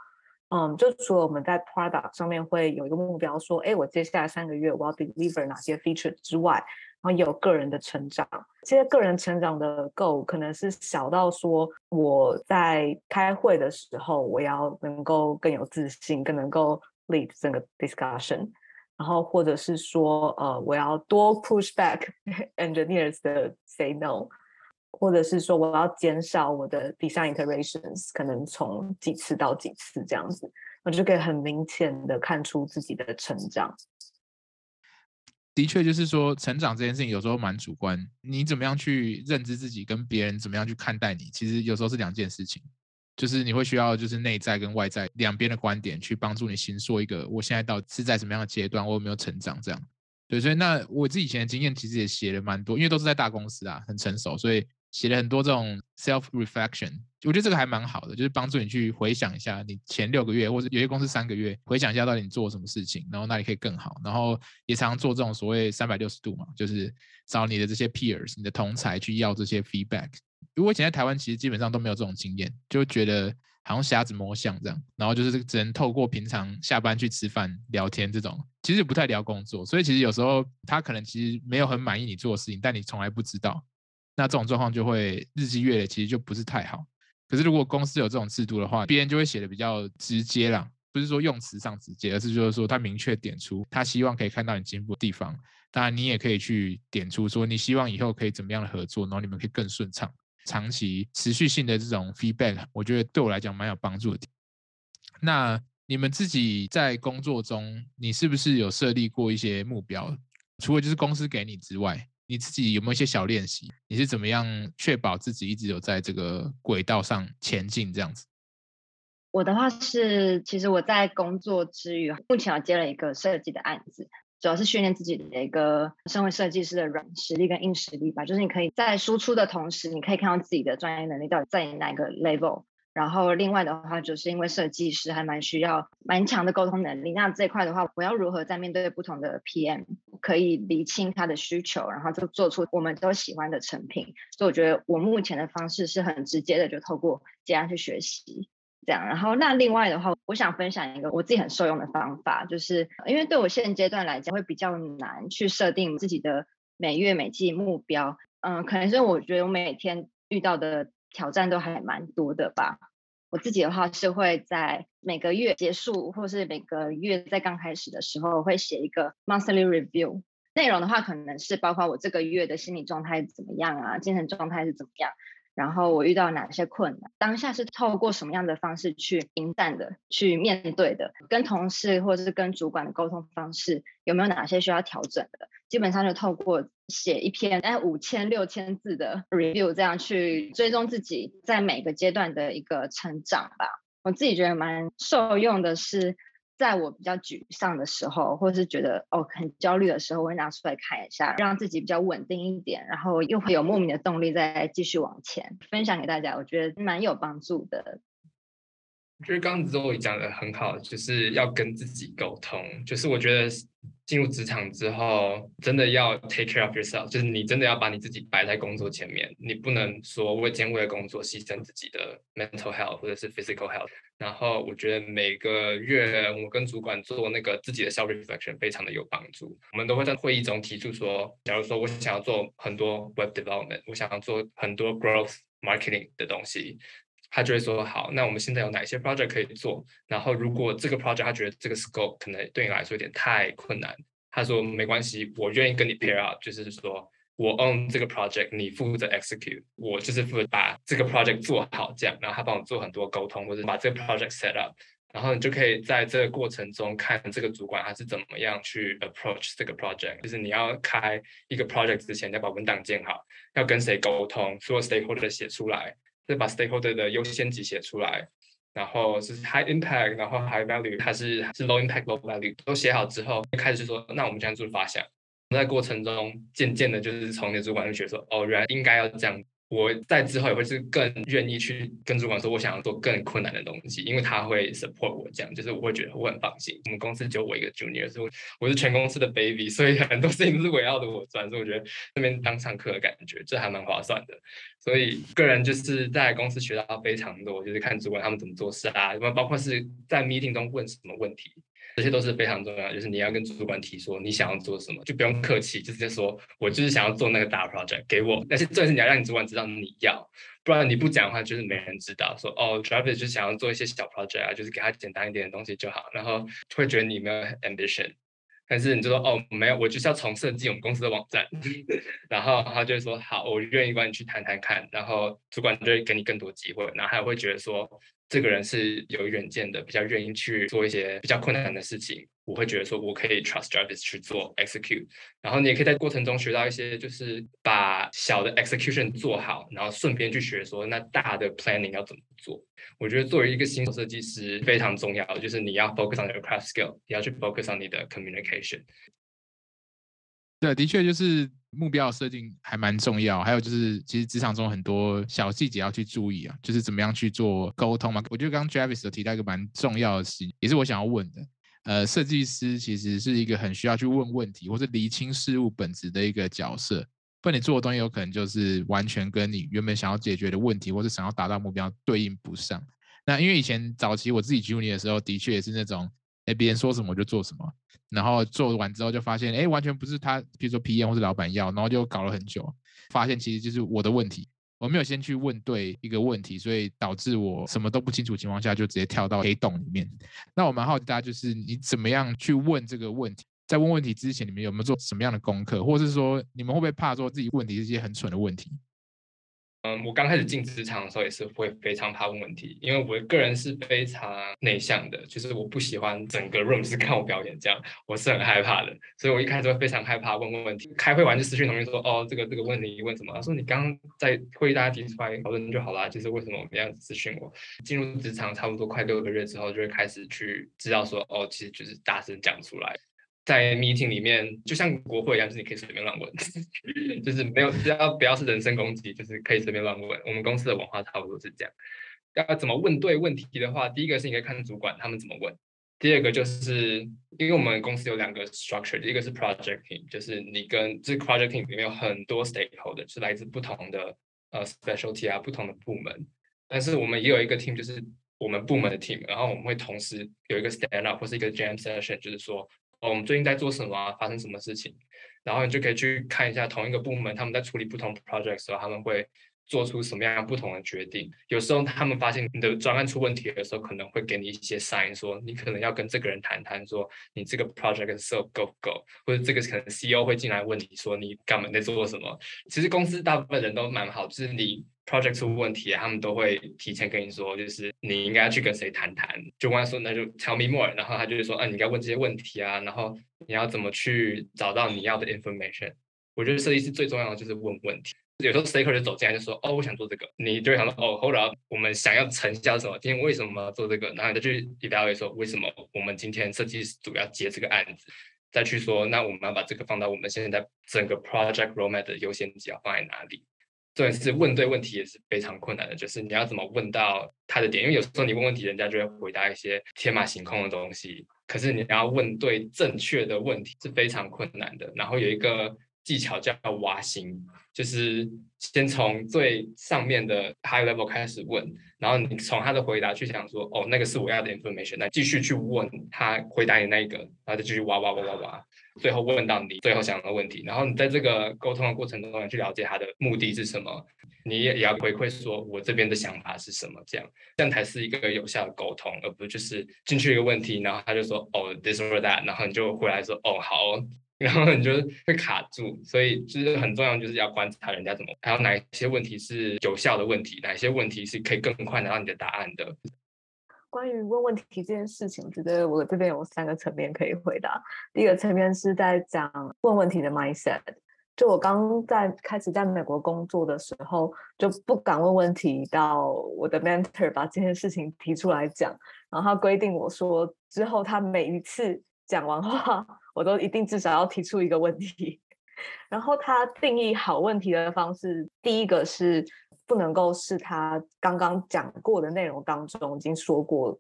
嗯、um,，就除了我們在 product 上面會有一個目標，說，哎，我接下來三個月我要 deliver 哪些 feature 之外，然後也有個人的成長。其實個人成長的 goal 可能是小到說，我在開會的時候，我要能夠更有自信，更能夠 lead 整個 discussion，然後或者是說，呃，我要多 push back engineers 的 say no。或者是說，我要減少我的 design iterations，可能從幾次到幾次這樣子，我就可以很明顯的看出自己的成長。的確，就是說成長這件事情有時候蠻主觀，你怎麼樣去認知自己，跟別人怎麼樣去看待你，其實有時候是兩件事情，就是你會需要就是內在跟外在兩邊的觀點去幫助你，先說一個我現在到底是在什麼樣的階段，我有沒有成長這樣。對，所以那我自己以前的經驗其實也寫了蠻多，因為都是在大公司啊，很成熟，所以。寫了很多這種 self reflection，我覺得這個還蠻好的，就是幫助你去回想一下你前六個月或者有些公司三個月，回想一下到底你做什麼事情，然後哪裡可以更好。然後也常常做這種所謂三百六十度嘛，就是找你的這些 peers、你的同儕去要這些 feedback。如果以前在台灣其實基本上都沒有這種經驗，就覺得好像瞎子摸象這樣。然後就是只能透過平常下班去吃飯聊天這種，其實不太聊工作。所以其實有時候他可能其實沒有很滿意你做的事情，但你從來不知道。那這種狀況就會日積月累，其實就不是太好。可是如果公司有這種制度的話，別人就會寫的比較直接啦，不是說用詞上直接，而是就是說他明確點出他希望可以看到你進步的地方。當然，你也可以去點出說你希望以後可以怎麼樣的合作，然後你們可以更順暢、長期、持續性的這種 feedback，我覺得對我來講蠻有幫助的。那你們自己在工作中，你是不是有設立過一些目標？除了就是公司給你之外？你自己有沒有一些小練習？你是怎麼樣確保自己一直有在這個軌道上前進這樣子？我的話是，其實我在工作之餘，目前我接了一個設計的案子，主要是訓練自己的一個身為設計師的軟實力跟硬實力吧。就是你可以在輸出的同時，你可以看到自己的專業能力到底在哪一個 level。然後另外的話，就是因為設計師還蠻需要蠻強的溝通能力。那這塊的話，我要如何在面對不同的 PM，可以理清他的需求，然後就做出我們都喜歡的成品？所以我覺得我目前的方式是很直接的，就透過這樣去學習這樣。然後那另外的話，我想分享一個我自己很受用的方法，就是因為對我現階段來講會比較難去設定自己的每月每季目標。嗯，可能是我覺得我每天遇到的挑戰都還蠻多的吧。我自己的話是會在每個月結束，或是每個月在剛開始的時候，會寫一個 monthly review。內容的話，可能是包括我這個月的心理狀態怎麼樣啊，精神狀態是怎麼樣啊。然後我遇到哪些困難？當下是透過什麼樣的方式去平淡的、去面對的？跟同事或者是跟主管的溝通方式有沒有哪些需要調整的？基本上就透過寫一篇哎五千六千字的 review，這樣去追蹤自己在每個階段的一個成長吧。我自己覺得蠻受用的是。在我比較沮喪的時候，或者是覺得哦很焦慮的時候，我會拿出來看一下，讓自己比較穩定一點，然後又會有莫名的動力再繼續往前。分享給大家，我覺得蠻有幫助的。就是剛剛 Zoe 也講得很好，就是要跟自己溝通。就是我覺得進入職場之後，真的要 take care of yourself，就是你真的要把你自己擺在工作前面，你不能說為天為工作犧牲自己的 mental health 或者是 physical health。然後我覺得每個月我跟主管做那個自己的 self reflection 非常的有幫助。我們都會在會議中提出說，假如說我想要做很多 web development，我想要做很多 growth marketing 的東西，他就會說好，那我們現在有哪些 project 可以做？然後如果這個 project 他覺得這個 scope 可能對你來說有點太困難，他說沒關係，我願意跟你 pair up，就是說。我 own 這個 project，你負責 execute，我就是負責把這個 project 做好這樣，然後他幫我做很多溝通，或者把這個 project set up，然後你就可以在這個過程中看這個主管他是怎麼樣去 approach 這個 project，就是你要開一個 project 之前，要把文檔建好，要跟誰溝通，所有 stakeholder 寫出來，再把 stakeholder 的優先級寫出來，然後是 high impact，然後 high value，還是是 low impact，low value，都寫好之後，開始就說那我們這樣做發現在過程中，漸漸的，就是從那主管就覺得，哦，原來應該要這樣。我在之後也會是更願意去跟主管說，我想要做更困難的東西，因為他會 support 我這樣，就是我會覺得我很放心。我們公司就我一個 junior，所以我，我是全公司的 baby，所以很多事情都是圍繞着我轉。所以我覺得這邊當上課的感覺，這還蠻划算的。所以個人就是在公司學到非常多，就是看主管他們怎麼做事啊，什麼包括是在 meeting 中問什麼問題。這些都是非常重要，就是你要跟主管提說你想要做什麼，就不用客氣，就直接說我就是想要做那個大 project，給我。但是，但是你要讓你主管知道你要，不然你不講話就是沒人知道。說哦 Jarvis 就想要做一些小 project 啊，就是給他簡單一點的東西就好，然後會覺得你沒有 ambition。但是你就說哦，沒有，我就是要重設計我們公司的網站，然後他就會說好，我願意幫你去談談看，然後主管就會給你更多機會，然後還會覺得說。這個人是有遠見的，比較願意去做一些比較困難的事情。我會覺得說，我可以 trust Jarvis 去做 execute，然後你也可以在過程中學到一些，就是把小的 execution 做好，然後順便去學說那大的 planning 要怎麼做。我覺得作為一個新手設計師非常重要，就是你要 focus on your craft skill，你要去 focus on 你的 communication。對，的確就是目標的設定還蠻重要，還有就是其實職場中很多小細節要去注意啊，就是怎麼樣去做溝通嘛。我覺得剛剛 Jarvis 有提到一個蠻重要的事，也是我想要問的。呃，設計師其實是一個很需要去問問題，或是理清事物本質的一個角色。不然你做的東西有可能就是完全跟你原本想要解決的問題，或是想要達到目標對應不上。那因為以前早期我自己 junior 的時候，的確也是那種。別人說什麼我就做什麼，然後做完之後就發現，哎，完全不是他，比如說 PM 或是老闆要，然後就搞了很久，發現其實就是我的問題，我沒有先去問對一個問題，所以導致我什麼都不清楚情況下就直接跳到黑洞裡面。那我蠻好奇，大家就是你怎麼樣去問這個問題？在問問題之前，你們有沒有做什麼樣的功課，或者是說你們會不會怕說自己問題是一些很蠢的問題？嗯，我剛開始進職場的時候也是會非常怕問問題，因為我個人是非常內向的，就是我不喜歡整個 room 是看我表演這樣，我是很害怕的，所以我一開始會非常害怕問問問題。開會完就私訊同學說，哦，這個這個問題問什麼？說你剛在會議大家提出來討論就好了，就是為什麼我們要諮詢我？進入職場差不多快六個月之後，就會開始去知道說，哦，其實就是大聲講出來。在 meeting 裡面，就像國會一樣，就是你可以隨便亂問呵呵，就是沒有只要不要是人身攻擊，就是可以隨便亂問。我們公司的文化差不多是這樣。要怎麼問對問題的話，第一個是你可以看主管他們怎麼問，第二個就是因為我們公司有兩個 structure，一個是 project team，就是你跟這、就是、project team 裡面有很多 stakeholder 就是來自不同的呃、uh, specialty 啊，不同的部門。但是我們也有一個 team，就是我們部門的 team，然後我們會同時有一個 stand up 或是一個 jam session，就是說。哦，我們最近在做什麼啊？發生什麼事情？然後你就可以去看一下同一個部門，他們在處理不同的 project 時候，他們會做出什麼樣不同的決定。有時候他們發現你的專案出問題的時候，可能會給你一些 sign，說你可能要跟這個人談談，說你這個 project 還不夠夠，或者這個是可能 CEO 會進來問你說你幹嘛，你在做什麼。其實公司大部分人都蠻好，就是你。project 出問題，他們都會提前跟你說，就是你應該去跟誰談談。就跟他說，那就 tell me more，然後他就會說，啊，你要問這些問題啊，然後你要怎麼去找到你要的 information。我覺得設計師最重要的就是問問題。有時候 stakeholder 就走進來就說，哦，我想做這個，你就會想說，哦，hold on，我們想要成交什麼？今天為什麼要做這個？然後他去一大堆說為什麼我們今天設計師組要接這個案子？再去說，那我們要把這個放到我們現在整個 project roadmap 的優先級要放在哪裡？對，是問對問題也是非常困難的，就是你要怎麼問到他的點，因為有時候你問問題，人家就會回答一些天馬行空的東西。可是你要問對正確的問題是非常困難的。然後有一個技巧叫做挖心，就是先從最上面的 high level 開始問，然後你從他的回答去想說，哦，那個是我要的 information，那繼續去問他回答你那一個，然後再繼續挖挖挖挖挖。最後問到你最後想要的問題，然後你在這個溝通的過程中你去了解他的目的是什麼，你也要回饋說我這邊的想法是什麼，這樣這樣才是一個有效的溝通，而不就是進去一個問題，然後他就說哦、oh, this or that，然後你就回來說哦、oh、好，然後你就會卡住，所以其實很重要，就是要觀察人家怎麼，還有哪些問題是有效的問題，哪些問題是可以更快拿到你的答案的。關於問問題這件事情，我覺得我這邊有三個層面可以回答。第一個層面是在講問問題的 mindset。就我剛在開始在美國工作的時候，就不敢問問題，到我的 mentor 把這件事情提出來講，然後他規定我說之後他每一次講完話，我都一定至少要提出一個問題。然後他定義好問題的方式，第一個是，不能夠是他剛剛講過的內容當中已經說過了，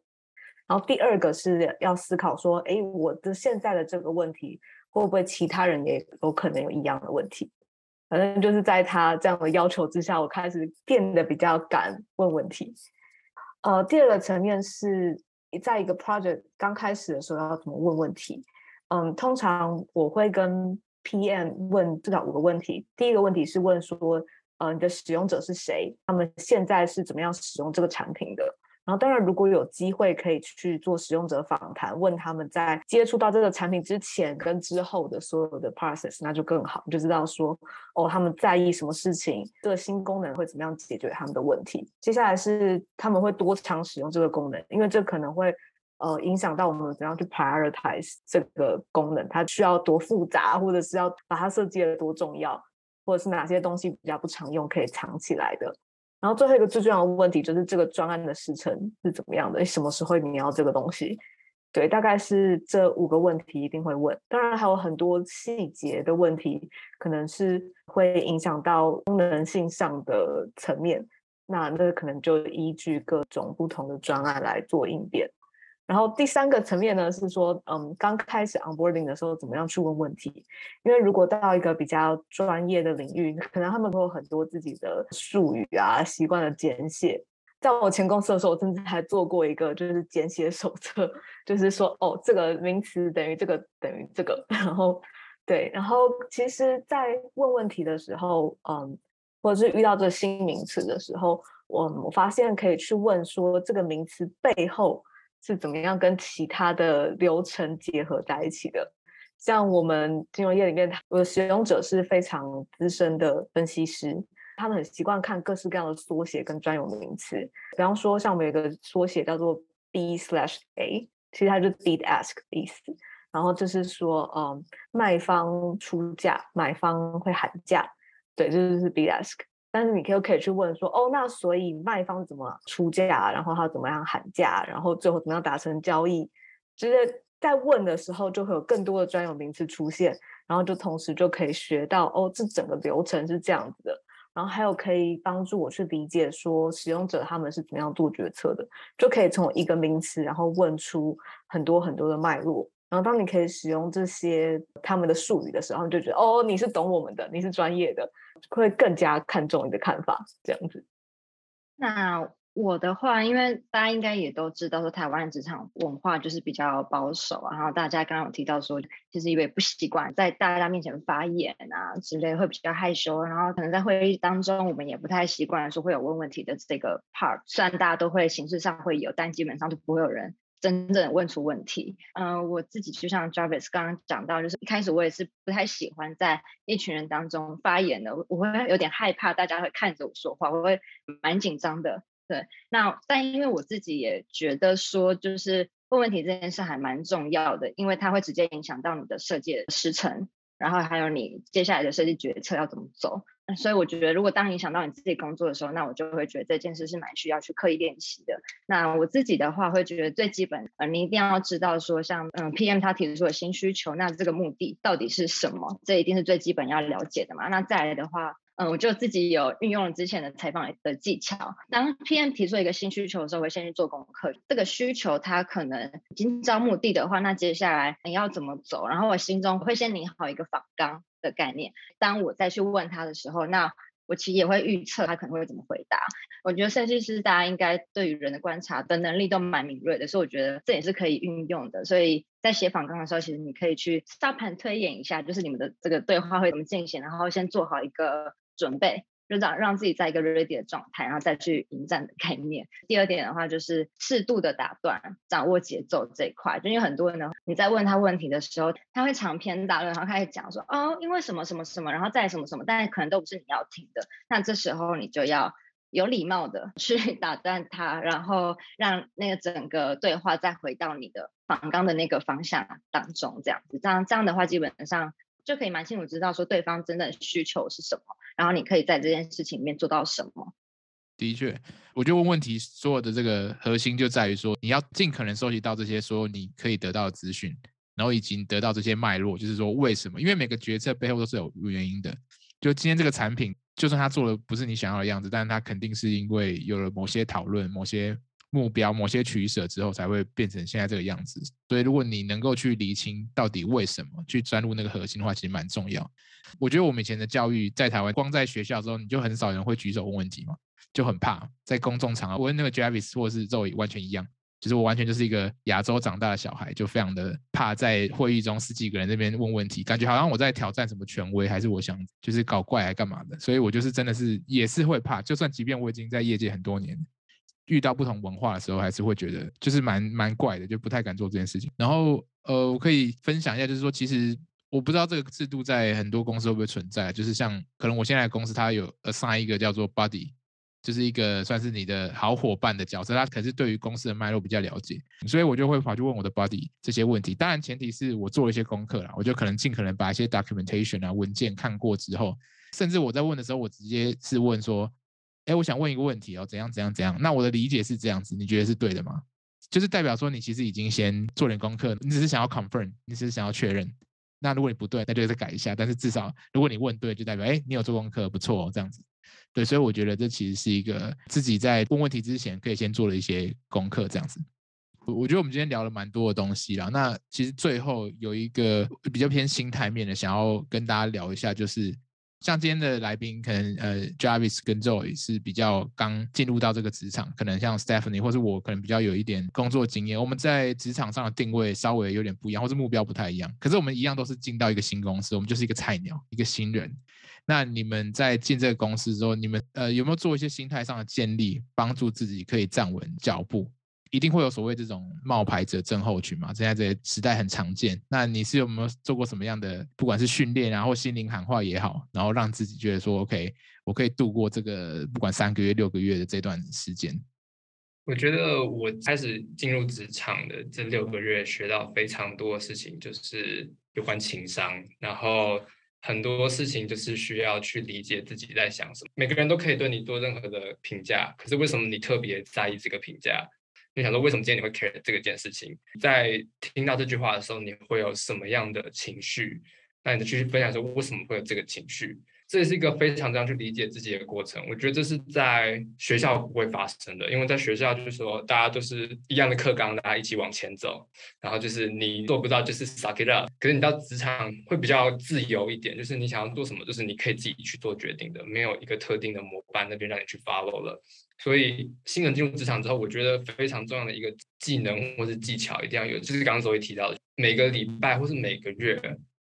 然後第二個是要思考說，誒，我的現在的這個問題會不會其他人也有可能有一樣的問題？反正就是在他這樣的要求之下，我開始變得比較敢問問題。呃，第二個層面是在一個 project 剛開始的時候要怎麼問問題？嗯，通常我會跟 PM 問至少五個問題。第一個問題是問說，呃，你的使用者是誰？他們現在是怎麼樣使用這個產品的？然後，當然，如果有機會可以去做使用者訪談，問他們在接觸到這個產品之前跟之後的所有的 process，那就更好，你就知道說，哦，他們在意什麼事情，這個新功能會怎麼樣解決他們的問題。接下來是他們會多常使用這個功能，因為這可能會呃影響到我們怎樣去 prioritize 這個功能，它需要多複雜，或者是要把它設計得多重要。或者是哪些東西比較不常用，可以藏起來的。然後最後一個最重要的問題就是這個專案的時程是怎麼樣的？什麼時候你要這個東西？對，大概是這五個問題一定會問。當然還有很多細節的問題，可能是會影響到功能性上的層面。那那可能就依據各種不同的專案來做應變。然後第三個層面呢，是說，嗯，剛開始 onboarding 的時候，怎麼樣去問問題？因為如果到一個比較專業的領域，可能他們會有很多自己的術語啊，習慣的簡寫。在我前公司的時候，我甚至還做過一個，就是簡寫手冊，就是說，哦，這個名詞等於這個，等於這個。然後，對，然後其實，在問問題的時候，嗯，或者是遇到這新名詞的時候，我我發現可以去問說，這個名詞背後。是怎麼樣跟其他的流程結合在一起的？像我們金融業裡面，我的使用者是非常資深的分析師，他們很習慣看各式各樣的縮寫跟專有名詞。比方說，像我們有一個縮寫叫做 B slash A，其實它就是 bid ask 的意思。然後就是說，嗯，賣方出價，買方會喊價，對，這就是 bid ask。但是你又可以去問說，哦，那所以賣方怎麼出價，然後他怎麼樣喊價，然後最後怎麼樣達成交易，就是在問的時候就會有更多的專有名詞出現，然後就同時就可以學到，哦，這整個流程是這樣子的，然後還有可以幫助我去理解說使用者他們是怎麼樣做決策的，就可以從一個名詞然後問出很多很多的脈絡。然後，當你可以使用這些他們的術語的時候，你就覺得哦，你是懂我們的，你是專業的，就會更加看重你的看法這樣子。那我的話，因為大家應該也都知道說台灣職場文化就是比較保守啊，然後大家剛剛有提到說，其實因為不習慣在大家面前發言啊之類，會比較害羞，然後可能在會議當中，我們也不太習慣說會有問問題的這個 part，雖然大家都會形式上會有，但基本上就不會有人。真正問出問題，嗯、呃，我自己就像 Jarvis 剛剛講到，就是一開始我也是不太喜歡在一群人當中發言的，我會有點害怕大家會看着我說話，我會蠻緊張的。對，那但因為我自己也覺得說，就是問問題這件事還蠻重要的，因為它會直接影響到你的設計的時程。然後還有你接下來的設計決策要怎麼走？所以我覺得，如果當你想到你自己工作的時候，那我就會覺得這件事是蠻需要去刻意練習的。那我自己的話，會覺得最基本，呃，你一定要知道說像，像嗯，PM 他提出的新需求，那這個目的到底是什麼？這一定是最基本要了解的嘛。那再來的話。嗯，我就自己有運用了之前的採訪的技巧。當 PM 提出一個新需求的時候，我會先去做功課。這個需求它可能已經着目的的話，那接下來你要怎麼走？然後我心中會先擬好一個訪綱的概念。當我再去問他的時候，那我其實也會預測他可能會怎麼回答。我覺得設計師大家應該對於人的觀察的能力都蠻敏銳的，所以我覺得這也是可以運用的。所以在寫訪綱的時候，其實你可以去沙盤推演一下，就是你們的這個對話會怎麼進行，然後先做好一個。準備，就讓讓自己在一個 ready 的狀態，然後再去迎戰的概念。第二點的話，就是適度的打斷，掌握節奏這一塊。就因為很多人呢，你在問他問題的時候，他會長篇大論，然後開始講說，哦，因為什麼什麼什麼，然後再什麼什麼，但是可能都不是你要聽的。那這時候你就要有禮貌的去打斷他，然後讓那個整個對話再回到你的剛剛的那個方向當中，這樣子，這樣這樣的話，基本上就可以蠻清楚知道說對方真正的需求是什麼。然後你可以在這件事情裡面做到什麼？的確，我就問問題，所有的這個核心就在於說，你要儘可能收集到這些說你可以得到的資訊，然後以及得到這些脈絡，就是說為什麼？因為每個決策背後都是有原因的。就今天這個產品，就算它做的不是你想要的樣子，但它肯定是因為有了某些討論、某些。目標，某些取捨之後才會變成現在這個樣子，所以如果你能夠去理清到底為什麼去鑽入那個核心的話，其實蠻重要。我覺得我們以前的教育在台灣，光在學校之後，你就很少人會舉手問問題嘛，就很怕在公眾場合，我跟那個 Jarvis 或是 Zoe 完全一樣，就是我完全就是一個亞洲長大的小孩，就非常的怕在會議中十幾個人那邊問問題，感覺好像我在挑戰什麼權威，還是我想就是搞怪還幹嘛的，所以我就是真的是也是會怕，就算即便我已經在業界很多年。遇到不同文化的時候，還是會覺得就是蠻蠻怪的，就不太敢做這件事情。然後，呃，我可以分享一下，就是說，其實我不知道這個制度在很多公司會不會存在，就是像可能我現在的公司它有 assign 一個叫做 buddy，就是一個算是你的好夥伴的角色，他可是對於公司的脈絡比較了解，所以我就會跑去問我的 buddy 這些問題。當然，前提是我做了一些功課啦，我就可能盡可能把一些 documentation 啊文件看過之後，甚至我在問的時候，我直接是問說。哎，我想問一個問題哦，怎樣怎樣怎樣？那我的理解是這樣子，你覺得是對的嗎？就是代表說你其實已經先做點功課，你只是想要 confirm，你只是想要確認。那如果你不對，那就再改一下。但是至少如果你問對，就代表哎，你有做功課，不錯哦，這樣子。對，所以我覺得這其實是一個自己在問問題之前可以先做了一些功課，這樣子。我我覺得我們今天聊了蠻多的東西了，那其實最後有一個比較偏心態面的，想要跟大家聊一下，就是。像今天的來賓，可能呃，Jarvis 跟 Zoe 是比較剛進入到這個職場，可能像 Stephanie 或是我，可能比較有一點工作經驗。我們在職場上的定位稍微有點不一樣，或是目標不太一樣。可是我們一樣都是進到一個新公司，我們就是一個菜鳥，一個新人。那你們在進這個公司之後，你們呃有沒有做一些心態上的建立，幫助自己可以站穩腳步？一定會有所謂這種冒牌者症候群嘛？現在這些時代很常見。那你是有沒有做過什麼樣的，不管是訓練啊，然後心靈喊話也好，然後讓自己覺得說，OK，我可以度過這個不管三個月、六個月的這段時間。我覺得我開始進入職場的這六個月，學到非常多的事情，就是有關情商，然後很多事情就是需要去理解自己在想什麼。每個人都可以對你做任何的評價，可是為什麼你特別在意這個評價？想說，為什麼今天你會 care 這個件事情？在聽到這句話的時候，你會有什麼樣的情緒？那你就去分享說為什麼會有這個情緒？這也是一個非常這樣去理解自己的過程。我覺得這是在學校不會發生的，因為在學校就是說大家都是一樣的課綱，大家一起往前走，然後就是你做不到就是 suck it up。可是你到職場會比較自由一點，就是你想要做什麼，就是你可以自己去做決定的，沒有一個特定的模板那邊讓你去 follow 了。所以新人進入職場之後，我覺得非常重要的一個技能或是技巧一定要有，就是剛剛 Zoe 也提到的，每個禮拜或是每個月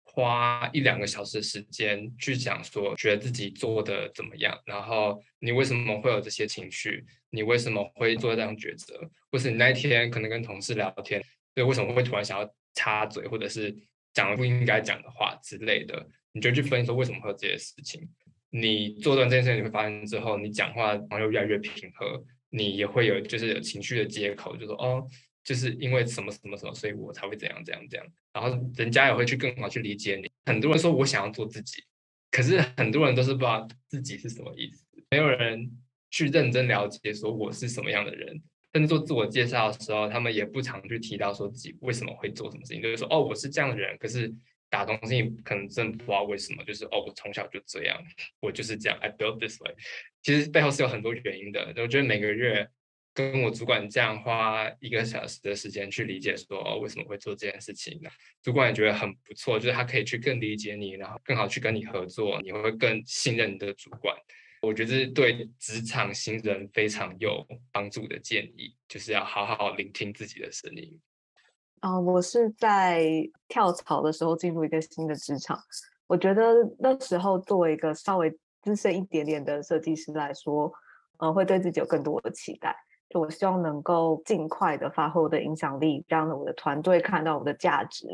花一兩個小時的時間去講說，覺得自己做的怎麼樣，然後你為什麼會有這些情緒，你為什麼會做這樣抉擇，或是你那一天可能跟同事聊天，對，為什麼會突然想要插嘴，或者是講了不應該講的話之類的，你就去分析說為什麼會有這些事情。你做到這件事情，你會發現之後，你講話然後又越來越平和，你也會有就是有情緒的藉口，就說哦，就是因為什麼什麼什麼，所以我才會怎樣怎樣怎樣。然後人家也會去更好去理解你。很多人說我想要做自己，可是很多人都是不知道自己是什麼意思，沒有人去認真了解說我是什麼樣的人。但是做自我介紹的時候，他們也不常去提到說自己為什麼會做什麼事情，就是說哦，我是這樣的人，可是。打東西可能真的不知道為什麼，就是哦，我從小就這樣，我就是這樣。I built this way，其實背後是有很多原因的。我覺得每個月跟我主管這樣花一個小時的時間去理解說，說哦，為什麼會做這件事情呢？主管也覺得很不錯，就是他可以去更理解你，然後更好去跟你合作，你會更信任你的主管。我覺得這是對職場新人非常有幫助的建議，就是要好好聆聽自己的聲音。啊、呃，我是在跳槽的時候進入一個新的職場。我覺得那時候作為一個稍微資深一點點的設計師來說，呃，會對自己有更多的期待。就我希望能夠盡快的發揮我的影響力，讓我的團隊看到我的價值。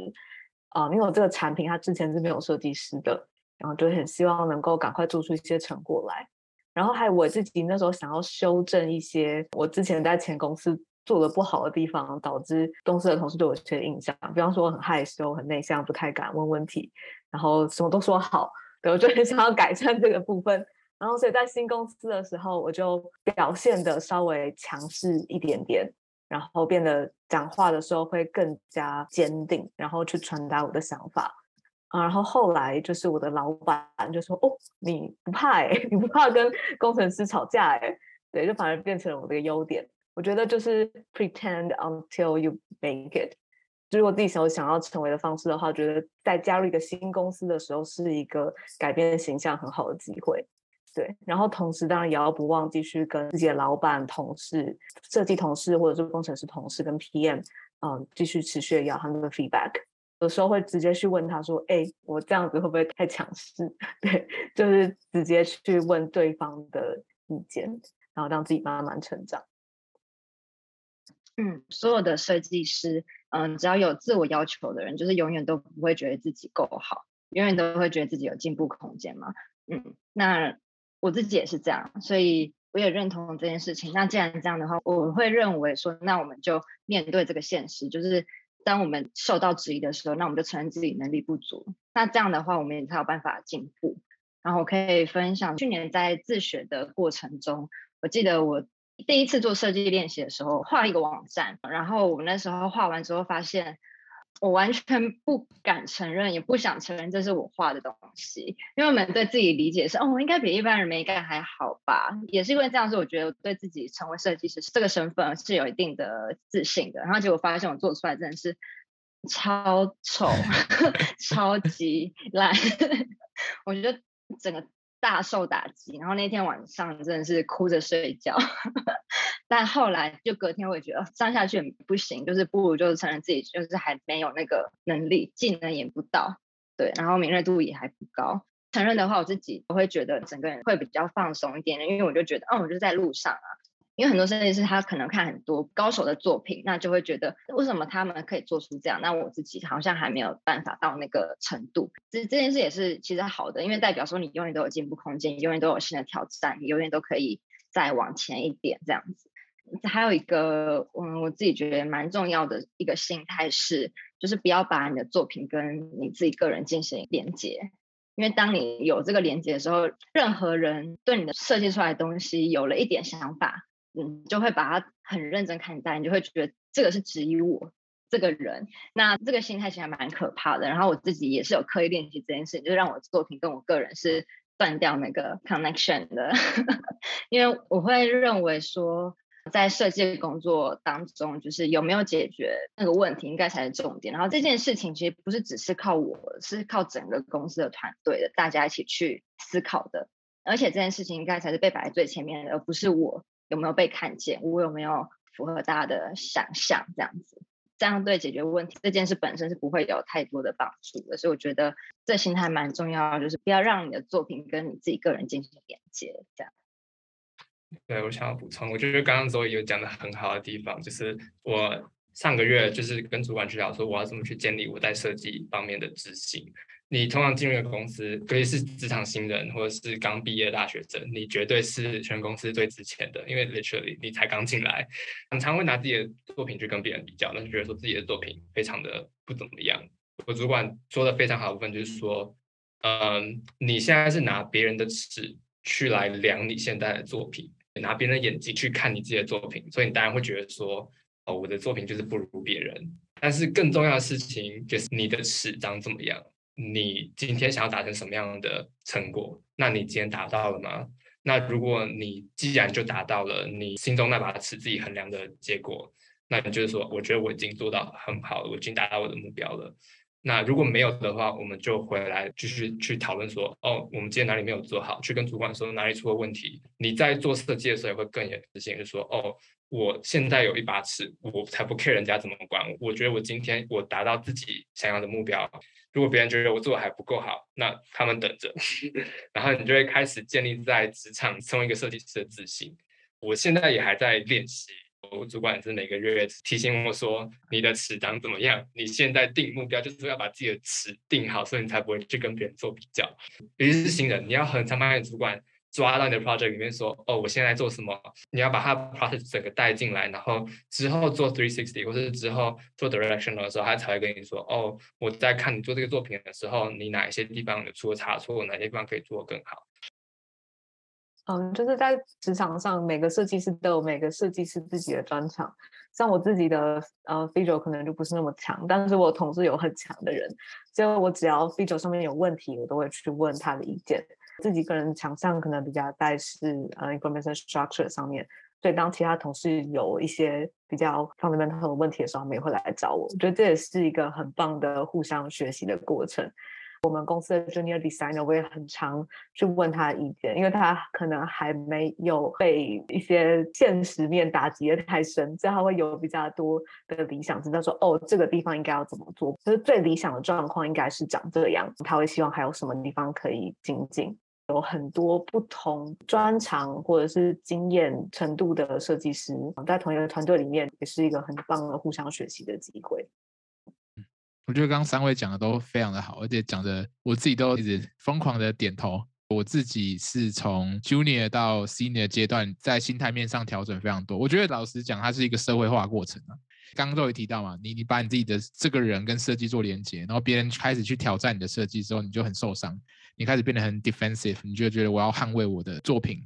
啊、呃，因為我這個產品它之前是沒有設計師的，然後就很希望能夠趕快做出一些成果來。然後還有我自己那時候想要修正一些我之前在前公司。做的不好的地方導致公司的同事對我有些印象，比方說我很害羞，很內向，不太敢問問題，然後什麼都說好，然後就很想要改善這個部分。然後所以在新公司的時候，我就表現的稍微強勢一點點，然後變得講話的時候會更加堅定，然後去傳達我的想法，啊。然後後來就是我的老闆就說：“哦，你不怕，欸、你不怕跟工程師吵架哎，欸？”對，就反而變成了我的一個優點。我覺得就是 pretend until you make it，如果自己想想要成為的方式的話，覺得在加入一個新公司的時候是一個改變形象很好的機會，對。然後同時當然也要不忘繼續跟自己的老闆、同事、設計同事，或者是工程師同事跟 PM，嗯、呃，繼續持續要他們的 feedback。有時候會直接去問他說：“哎，我這樣子會不會太強勢？”對，就是直接去問對方的意見，然後讓自己慢慢成長。嗯，所有的設計師，嗯，只要有自我要求的人，就是永遠都不會覺得自己夠好，永遠都會覺得自己有進步空間嘛。嗯，那我自己也是這樣，所以我也認同這件事情。那既然這樣的話，我會認為說，那我們就面對這個現實，就是當我們受到質疑的時候，那我們就承認自己能力不足。那這樣的話，我們也才有辦法進步。然後我可以分享，去年在自學的過程中，我記得我第一次做設計練習的時候，畫一個網站，然後我們那時候畫完之後，發現我完全不敢承認，也不想承認這是我畫的東西，因為我們對自己理解是，哦，我應該比一般人美感還好吧，也是因為這樣子，我覺得我對自己成為設計師這個身份是有一定的自信的，然後結果發現我做出來真的是超醜， 超級爛爛， 我覺得整個。大受打擊，然後那天晚上真的是哭着睡覺。 但後來就隔天，我也覺得上下去也不行，就是不如就是承認自己就是還沒有那個能力，技能也不到，對，然後敏銳度也還不高。承認的話，我自己我會覺得整個人會比較放鬆一點點，因為我就覺得，哦、嗯，我就在路上啊。因為很多設計師他可能看很多高手的作品，那就會覺得為什麼他們可以做出這樣？那我自己好像還沒有辦法到那個程度。這這件事也是其實好的，因為代表說你永遠都有進步空間，你永遠都有新的挑戰，你永遠都可以再往前一點這樣子。還有一個，嗯，我自己覺得蠻重要的一個心態是，就是不要把你的作品跟你自己個人進行連接，因為當你有這個連接的時候，任何人對你的設計出來的東西有了一點想法，嗯，就會把它很認真看待，你就會覺得這個是質疑我這個人。那這個心態其實還蠻可怕的。然後我自己也是有刻意練習這件事情，就讓我的作品跟我個人是斷掉那個 connection 的， 因為我會認為說，在設計工作當中，就是有沒有解決那個問題，應該才是重點。然後這件事情其實不是只是靠我，是靠整個公司的團隊的大家一起去思考的。而且這件事情應該才是被擺在最前面的，而不是我。有沒有被看見？我有沒有符合大家的想象？這樣子，這樣對解決問題這件事本身是不會有太多的幫助的。所以我覺得這心態蠻重要的，就是不要讓你的作品跟你自己個人進行連接。這樣，對，我想要補充，我就覺得剛剛 Zoe 有講的很好的地方，就是我上個月就是跟主管去聊說，我要怎麼去建立我在設計方面的自信。你通常進入一個公司，可以是職場新人，或者是剛畢業的大學生，你絕對是全公司最值錢的，因為 literally 你才剛進來，常常會拿自己的作品去跟別人比較，那就覺得說自己的作品非常的不怎麼樣。我主管說的非常好的部分就是說，嗯，你現在是拿別人的尺去來量你現在的作品，拿別人的眼睛去看你自己的作品，所以你當然會覺得說，哦，我的作品就是不如別人。但是更重要的事情就是你的尺長怎麼樣。你今天想要達成什麼樣的成果？那你今天達到了嗎？那如果你既然就達到了，你心中那把尺自己衡量的結果，那就是說，我覺得我已經做到很好了，我已經達到我的目標了。那如果沒有的話，我們就回來繼續去討論說，哦，我們今天哪裡沒有做好？去跟主管說哪裡出了問題？你在做設計的時候也會更有自信，就說，哦，我現在有一把尺，我才不 care 人家怎麼管。我覺得我今天我達到自己想要的目標。如果別人覺得我做的還不夠好，那他們等着， 然後你就會開始建立在職場成為一個設計師的自信。我現在也還在練習，我主管是每個月提醒我說，你的尺長怎麼樣。你現在定目標就是要把自己的尺定好，所以你才不會去跟別人做比較。尤其是新人，你要很常把你主管。抓到你的 project 裡面說哦，我現在做什麼？你要把他的 project 整個帶進來，然後之後做 three sixty，或者之後做 directional 的時候，他才會跟你說哦，我在看你做這個作品的時候，你哪一些地方有出了差錯，哪些地方可以做更好。嗯，就是在職場上，每個設計師都有每個設計師自己的專長。像我自己的呃 visual 可能就不是那麼強，但是我同事有很強的人，就我只要 visual 上面有問題，我都會去問他的意見。自己個人強項可能比較在是呃 information structure 上面，所以當其他同事有一些比較 fundamental 的問題的時候，他們也會來找我。我覺得這也是一個很棒的互相學習的過程。我們公司的 junior designer 我也很常去問他意見，因為他可能還沒有被一些現實面打擊的太深，所以他會有比較多的理想值。他說：“哦，這個地方應該要怎麼做？”就是最理想的狀況應該是長這樣。他會希望還有什麼地方可以精進，進。有很多不同專長或者是經驗程度的設計師在同一個團隊裡面，也是一個很棒的互相學習的機會。我覺得剛剛三位講的都非常的好，而且講的我自己都一直瘋狂的點頭。我自己是從 junior 到 senior 階段，在心態面上調整非常多。我覺得老實講，它是一個社會化過程啊。剛剛都有提到嘛，你你把你自己的這個人跟設計做連結，然後別人開始去挑戰你的設計之後，你就很受傷。你開始變得很 defensive，你就覺得我要捍衛我的作品。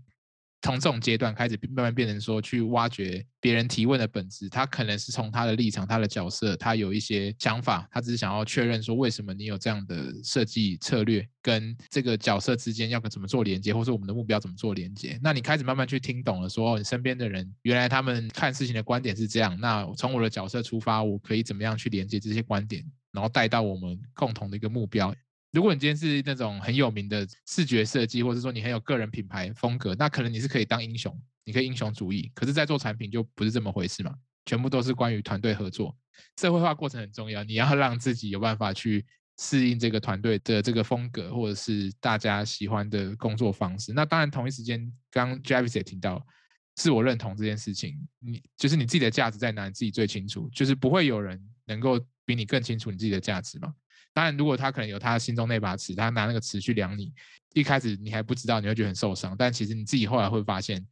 從這種階段開始，慢慢變成說去挖掘別人提問的本質。他可能是從他的立場、他的角色，他有一些想法，他只是想要確認說，為什麼你有這樣的設計策略，跟這個角色之間要怎麼做連接，或是我們的目標怎麼做連接。那你開始慢慢去聽懂了，說你身邊的人原來他們看事情的觀點是這樣。那從我的角色出發，我可以怎麼樣去連接這些觀點，然後帶到我們共同的一個目標。如果你今天是那種很有名的視覺設計，或者是說你很有個人品牌風格，那可能你是可以當英雄，你可以英雄主義。可是，在做產品就不是這麼回事嘛，全部都是關於團隊合作，社會化過程很重要。你要讓自己有辦法去適應這個團隊的這個風格，或者是大家喜歡的工作方式。那當然，同一時間，剛 Jarvis 也提到自我認同這件事情，你就是你自己的價值在哪，你自己最清楚，就是不會有人能夠比你更清楚你自己的價值嘛。當然，如果他可能有他心中那把尺，他拿那個尺去量你，一開始你還不知道，你會覺得很受傷。但其實你自己後來會發現，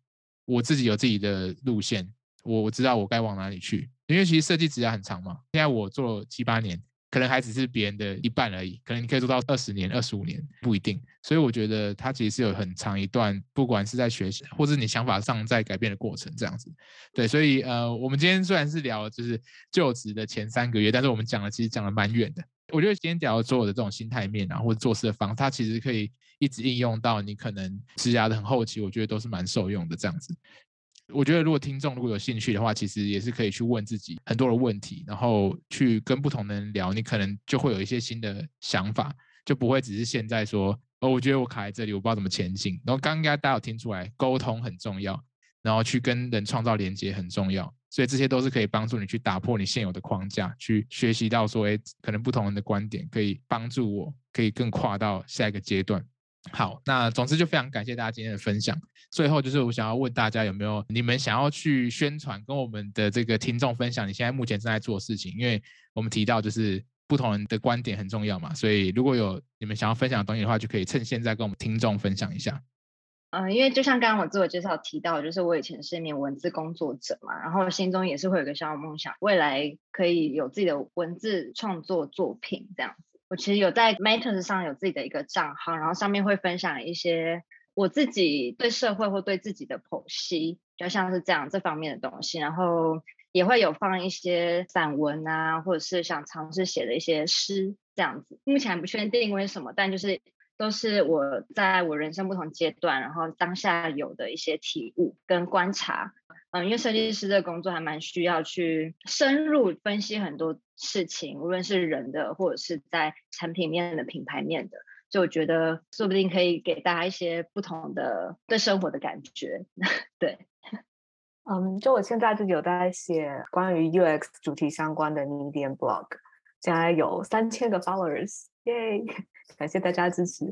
我自己有自己的路線，我我知道我該往哪裡去。因為其實設計職涯很長嘛，現在我做了七八年。可能還只是別人的一半而已，可能你可以做到二十年，二十五年不一定，所以我覺得它其實是有很長一段，不管是在學習或是你想法上在改變的過程這樣子。對，所以呃，我們今天雖然是聊就是就職的前三個月，但是我們講的其實講的蠻遠的。我覺得今天講的所有的這種心態面，啊，或者做事的方法，它其實可以一直應用到你可能施壓的很後期，我覺得都是蠻受用的這樣子。我覺得，如果聽眾如果有興趣的話，其實也是可以去問自己很多的問題，然後去跟不同的人聊，你可能就會有一些新的想法，就不會只是現在說，哦，我覺得我卡在這裡，我不知道怎麼前進。然後剛剛大家有聽出來，溝通很重要，然後去跟人創造連接很重要，所以這些都是可以幫助你去打破你現有的框架，去學習到說，欸，可能不同人的觀點可以幫助我，可以更跨到下一個階段。好，那總之就非常感謝大家今天的分享。最後就是我想要問大家有沒有你們想要去宣傳，跟我們的這個聽眾分享你現在目前正在做事情。因為我們提到就是不同人的觀點很重要嘛，所以如果有你們想要分享的東西的話，就可以趁現在跟我們聽眾分享一下。嗯，因為就像剛剛我自我介紹提到，就是我以前是一名文字工作者嘛，然後心中也是會有個小夢想，未來可以有自己的文字創作作品這樣。我其實有在 Matters 上有自己的一個賬號，然後上面會分享一些我自己對社會或對自己的剖析，就像是這樣這方面的東西。然後也會有放一些散文啊，或者是想嘗試寫的一些詩這樣子。目前還不確定為什麼，但就是。都是我在我人生不同階段，然後當下有的一些體悟跟觀察，嗯，因為設計師的工作還蠻需要去深入分析很多事情，無論是人的，或者是在產品面的、品牌面的，就我覺得說不定可以給大家一些不同的對生活的感覺。對，嗯，就我現在自己有在寫關於 UX 主題相關的 Medium blog，現在有三千個 Followers。耶！感謝大家支持。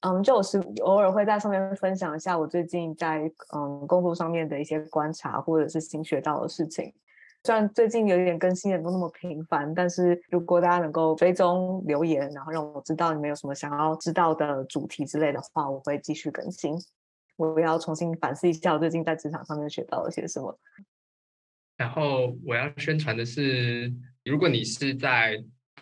嗯、um,，就我是偶爾會在上面分享一下我最近在嗯、um, 工作上面的一些觀察，或者是新學到的事情。雖然最近有點更新，也沒有那麼頻繁，但是如果大家能夠追蹤留言，然後讓我知道你們有,有什麼想要知道的主題之類的話，我會繼續更新。我要重新反思一下我最近在職場上面學到了些什麼。然後我要宣傳的是，如果你是在。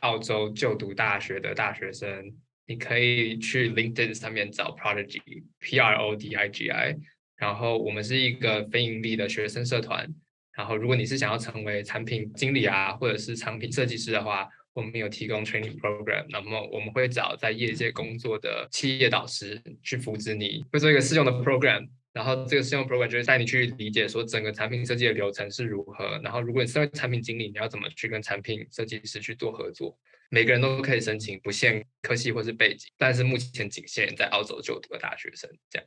澳洲就讀大學的大學生，你可以去 LinkedIn 上面找 Prodigy P R O D I G I，然後我們是一個非盈利的學生社團，然後如果你是想要成為產品經理啊，或者是產品設計師的話，我們有提供 training program，那麼我們會找在業界工作的企業導師去扶持你，會做一個適用的 program。然後這個試用 program 就會帶你去理解說整個產品設計的流程是如何。然後如果你身為產品經理，你要怎麼去跟產品設計師去做合作？每個人都可以申請，不限科系或是背景，但是目前僅限在澳洲就讀的大學生這樣。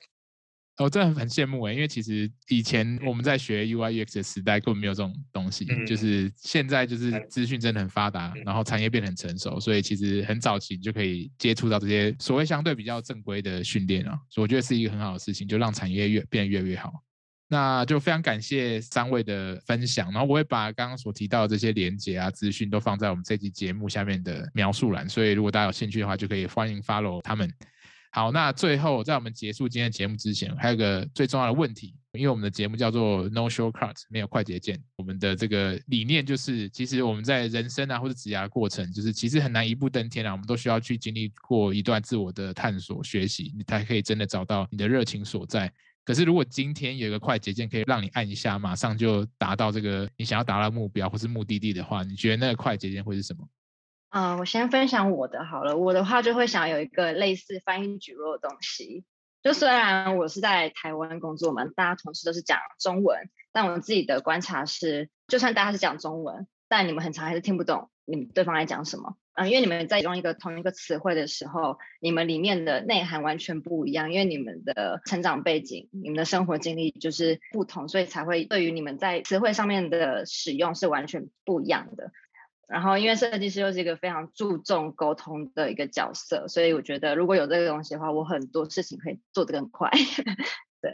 我、哦、真的很羨慕哎，因為其實以前我們在學 UI UX 的時代，根本沒有這種東西。就是現在，就是資訊真的很發達，然後產業變得很成熟，所以其實很早期你就可以接觸到這些所謂相對比較正規的訓練、啊、所以我覺得是一個很好的事情，就讓產業越變得越來越好。那就非常感謝三位的分享，然後我會把剛剛所提到的這些連接啊、資訊都放在我們這期節目下面的描述欄，所以如果大家有興趣的話，就可以歡迎 follow 他們。好，那最後在我們結束今天的節目之前，還有一個最重要的問題，因為我們的節目叫做 No Shortcut 沒有快捷鍵。我們的這個理念就是，其實我們在人生啊，或者職業過程，就是其實很難一步登天啊，我們都需要去經歷過一段自我的探索、學習，你才可以真的找到你的熱情所在。可是，如果今天有一個快捷鍵可以讓你按一下，馬上就達到這個你想要達到目標或是目的地的話，你覺得那個快捷鍵會是什麼？啊、嗯，我先分享我的好了。我的話就會想有一個類似翻譯蒟蒻的東西。就雖然我是在台灣工作嘛，大家同時都是講中文，但我自己的觀察是，就算大家是講中文，但你們很常還是聽不懂你們對方在講什麼。嗯，因為你們在用一個同一個詞彙的時候，你們裡面的內涵完全不一樣，因為你們的成長背景、你們的生活經歷就是不同，所以才會對於你們在詞彙上面的使用是完全不一樣的。然後，因為設計師又是一個非常注重溝通的一個角色，所以我覺得如果有這個東西的話，我很多事情可以做得更快。 對，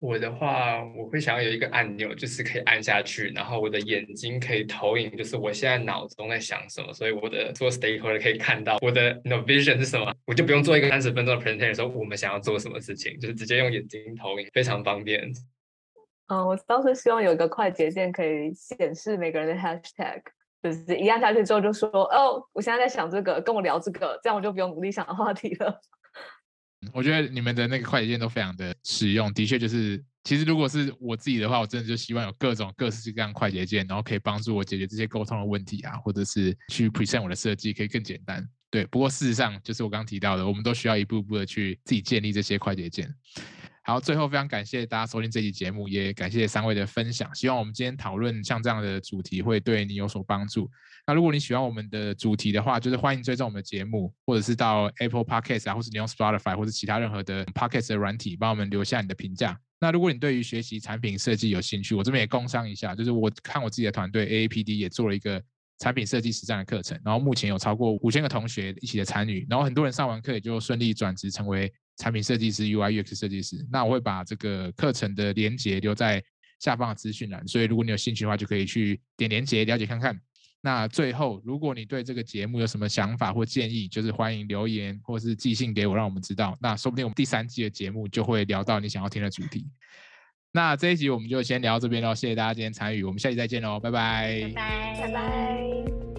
我的話，我會想要有一個按鈕，就是可以按下去，然後我的眼睛可以投影，就是我現在腦中在想什麼，所以我的做 stakeholder 可以看到我的 NO vision 是什麼，我就不用做一個三十分鐘的 presentation 說我們想要做什麼事情，就是直接用眼睛投影，非常方便。嗯、哦，我倒是希望有一個快捷鍵可以顯示每個人的 hashtag。就是一按下去之後就說哦，我現在在想這個，跟我聊這個，這樣我就不用努力想的話題了。我覺得你們的那個快捷鍵都非常的實用，的確就是，其實如果是我自己的話，我真的就希望有各種各式各樣快捷鍵，然後可以幫助我解決這些溝通的問題啊，或者是去 present 我的設計可以更簡單。對，不過事實上就是我剛剛提到的，我們都需要一步步的去自己建立這些快捷鍵。好，最後非常感謝大家收聽這期節目，也感謝三位的分享。希望我們今天討論像這樣的主題會對你有所幫助。那如果你喜歡我們的主題的話，就是歡迎追蹤我們的節目，或者是到 Apple Podcast 啊，或是你用 Spotify 或者其他任何的 Podcast 的軟體，幫我們留下你的評價。那如果你對於學習產品設計有興趣，我這邊也工商一下，就是我看我自己的團隊 AAPD 也做了一個產品設計實戰的課程，然後目前有超過五千個同學一起的參與，然後很多人上完課也就順利轉職成為。產品設計師、UI、UX 設計師，那我會把這個課程的連結留在下方的資訊欄，所以如果你有興趣的話，就可以去點連結了解看看。那最後，如果你對這個節目有什麼想法或建議，就是歡迎留言或是寄信給我，讓我們知道。那說不定我們第三季的節目就會聊到你想要聽的主題。那這一集我們就先聊到這邊嘍，謝謝大家今天參與，我們下期再見嘍，拜拜，拜拜，拜拜。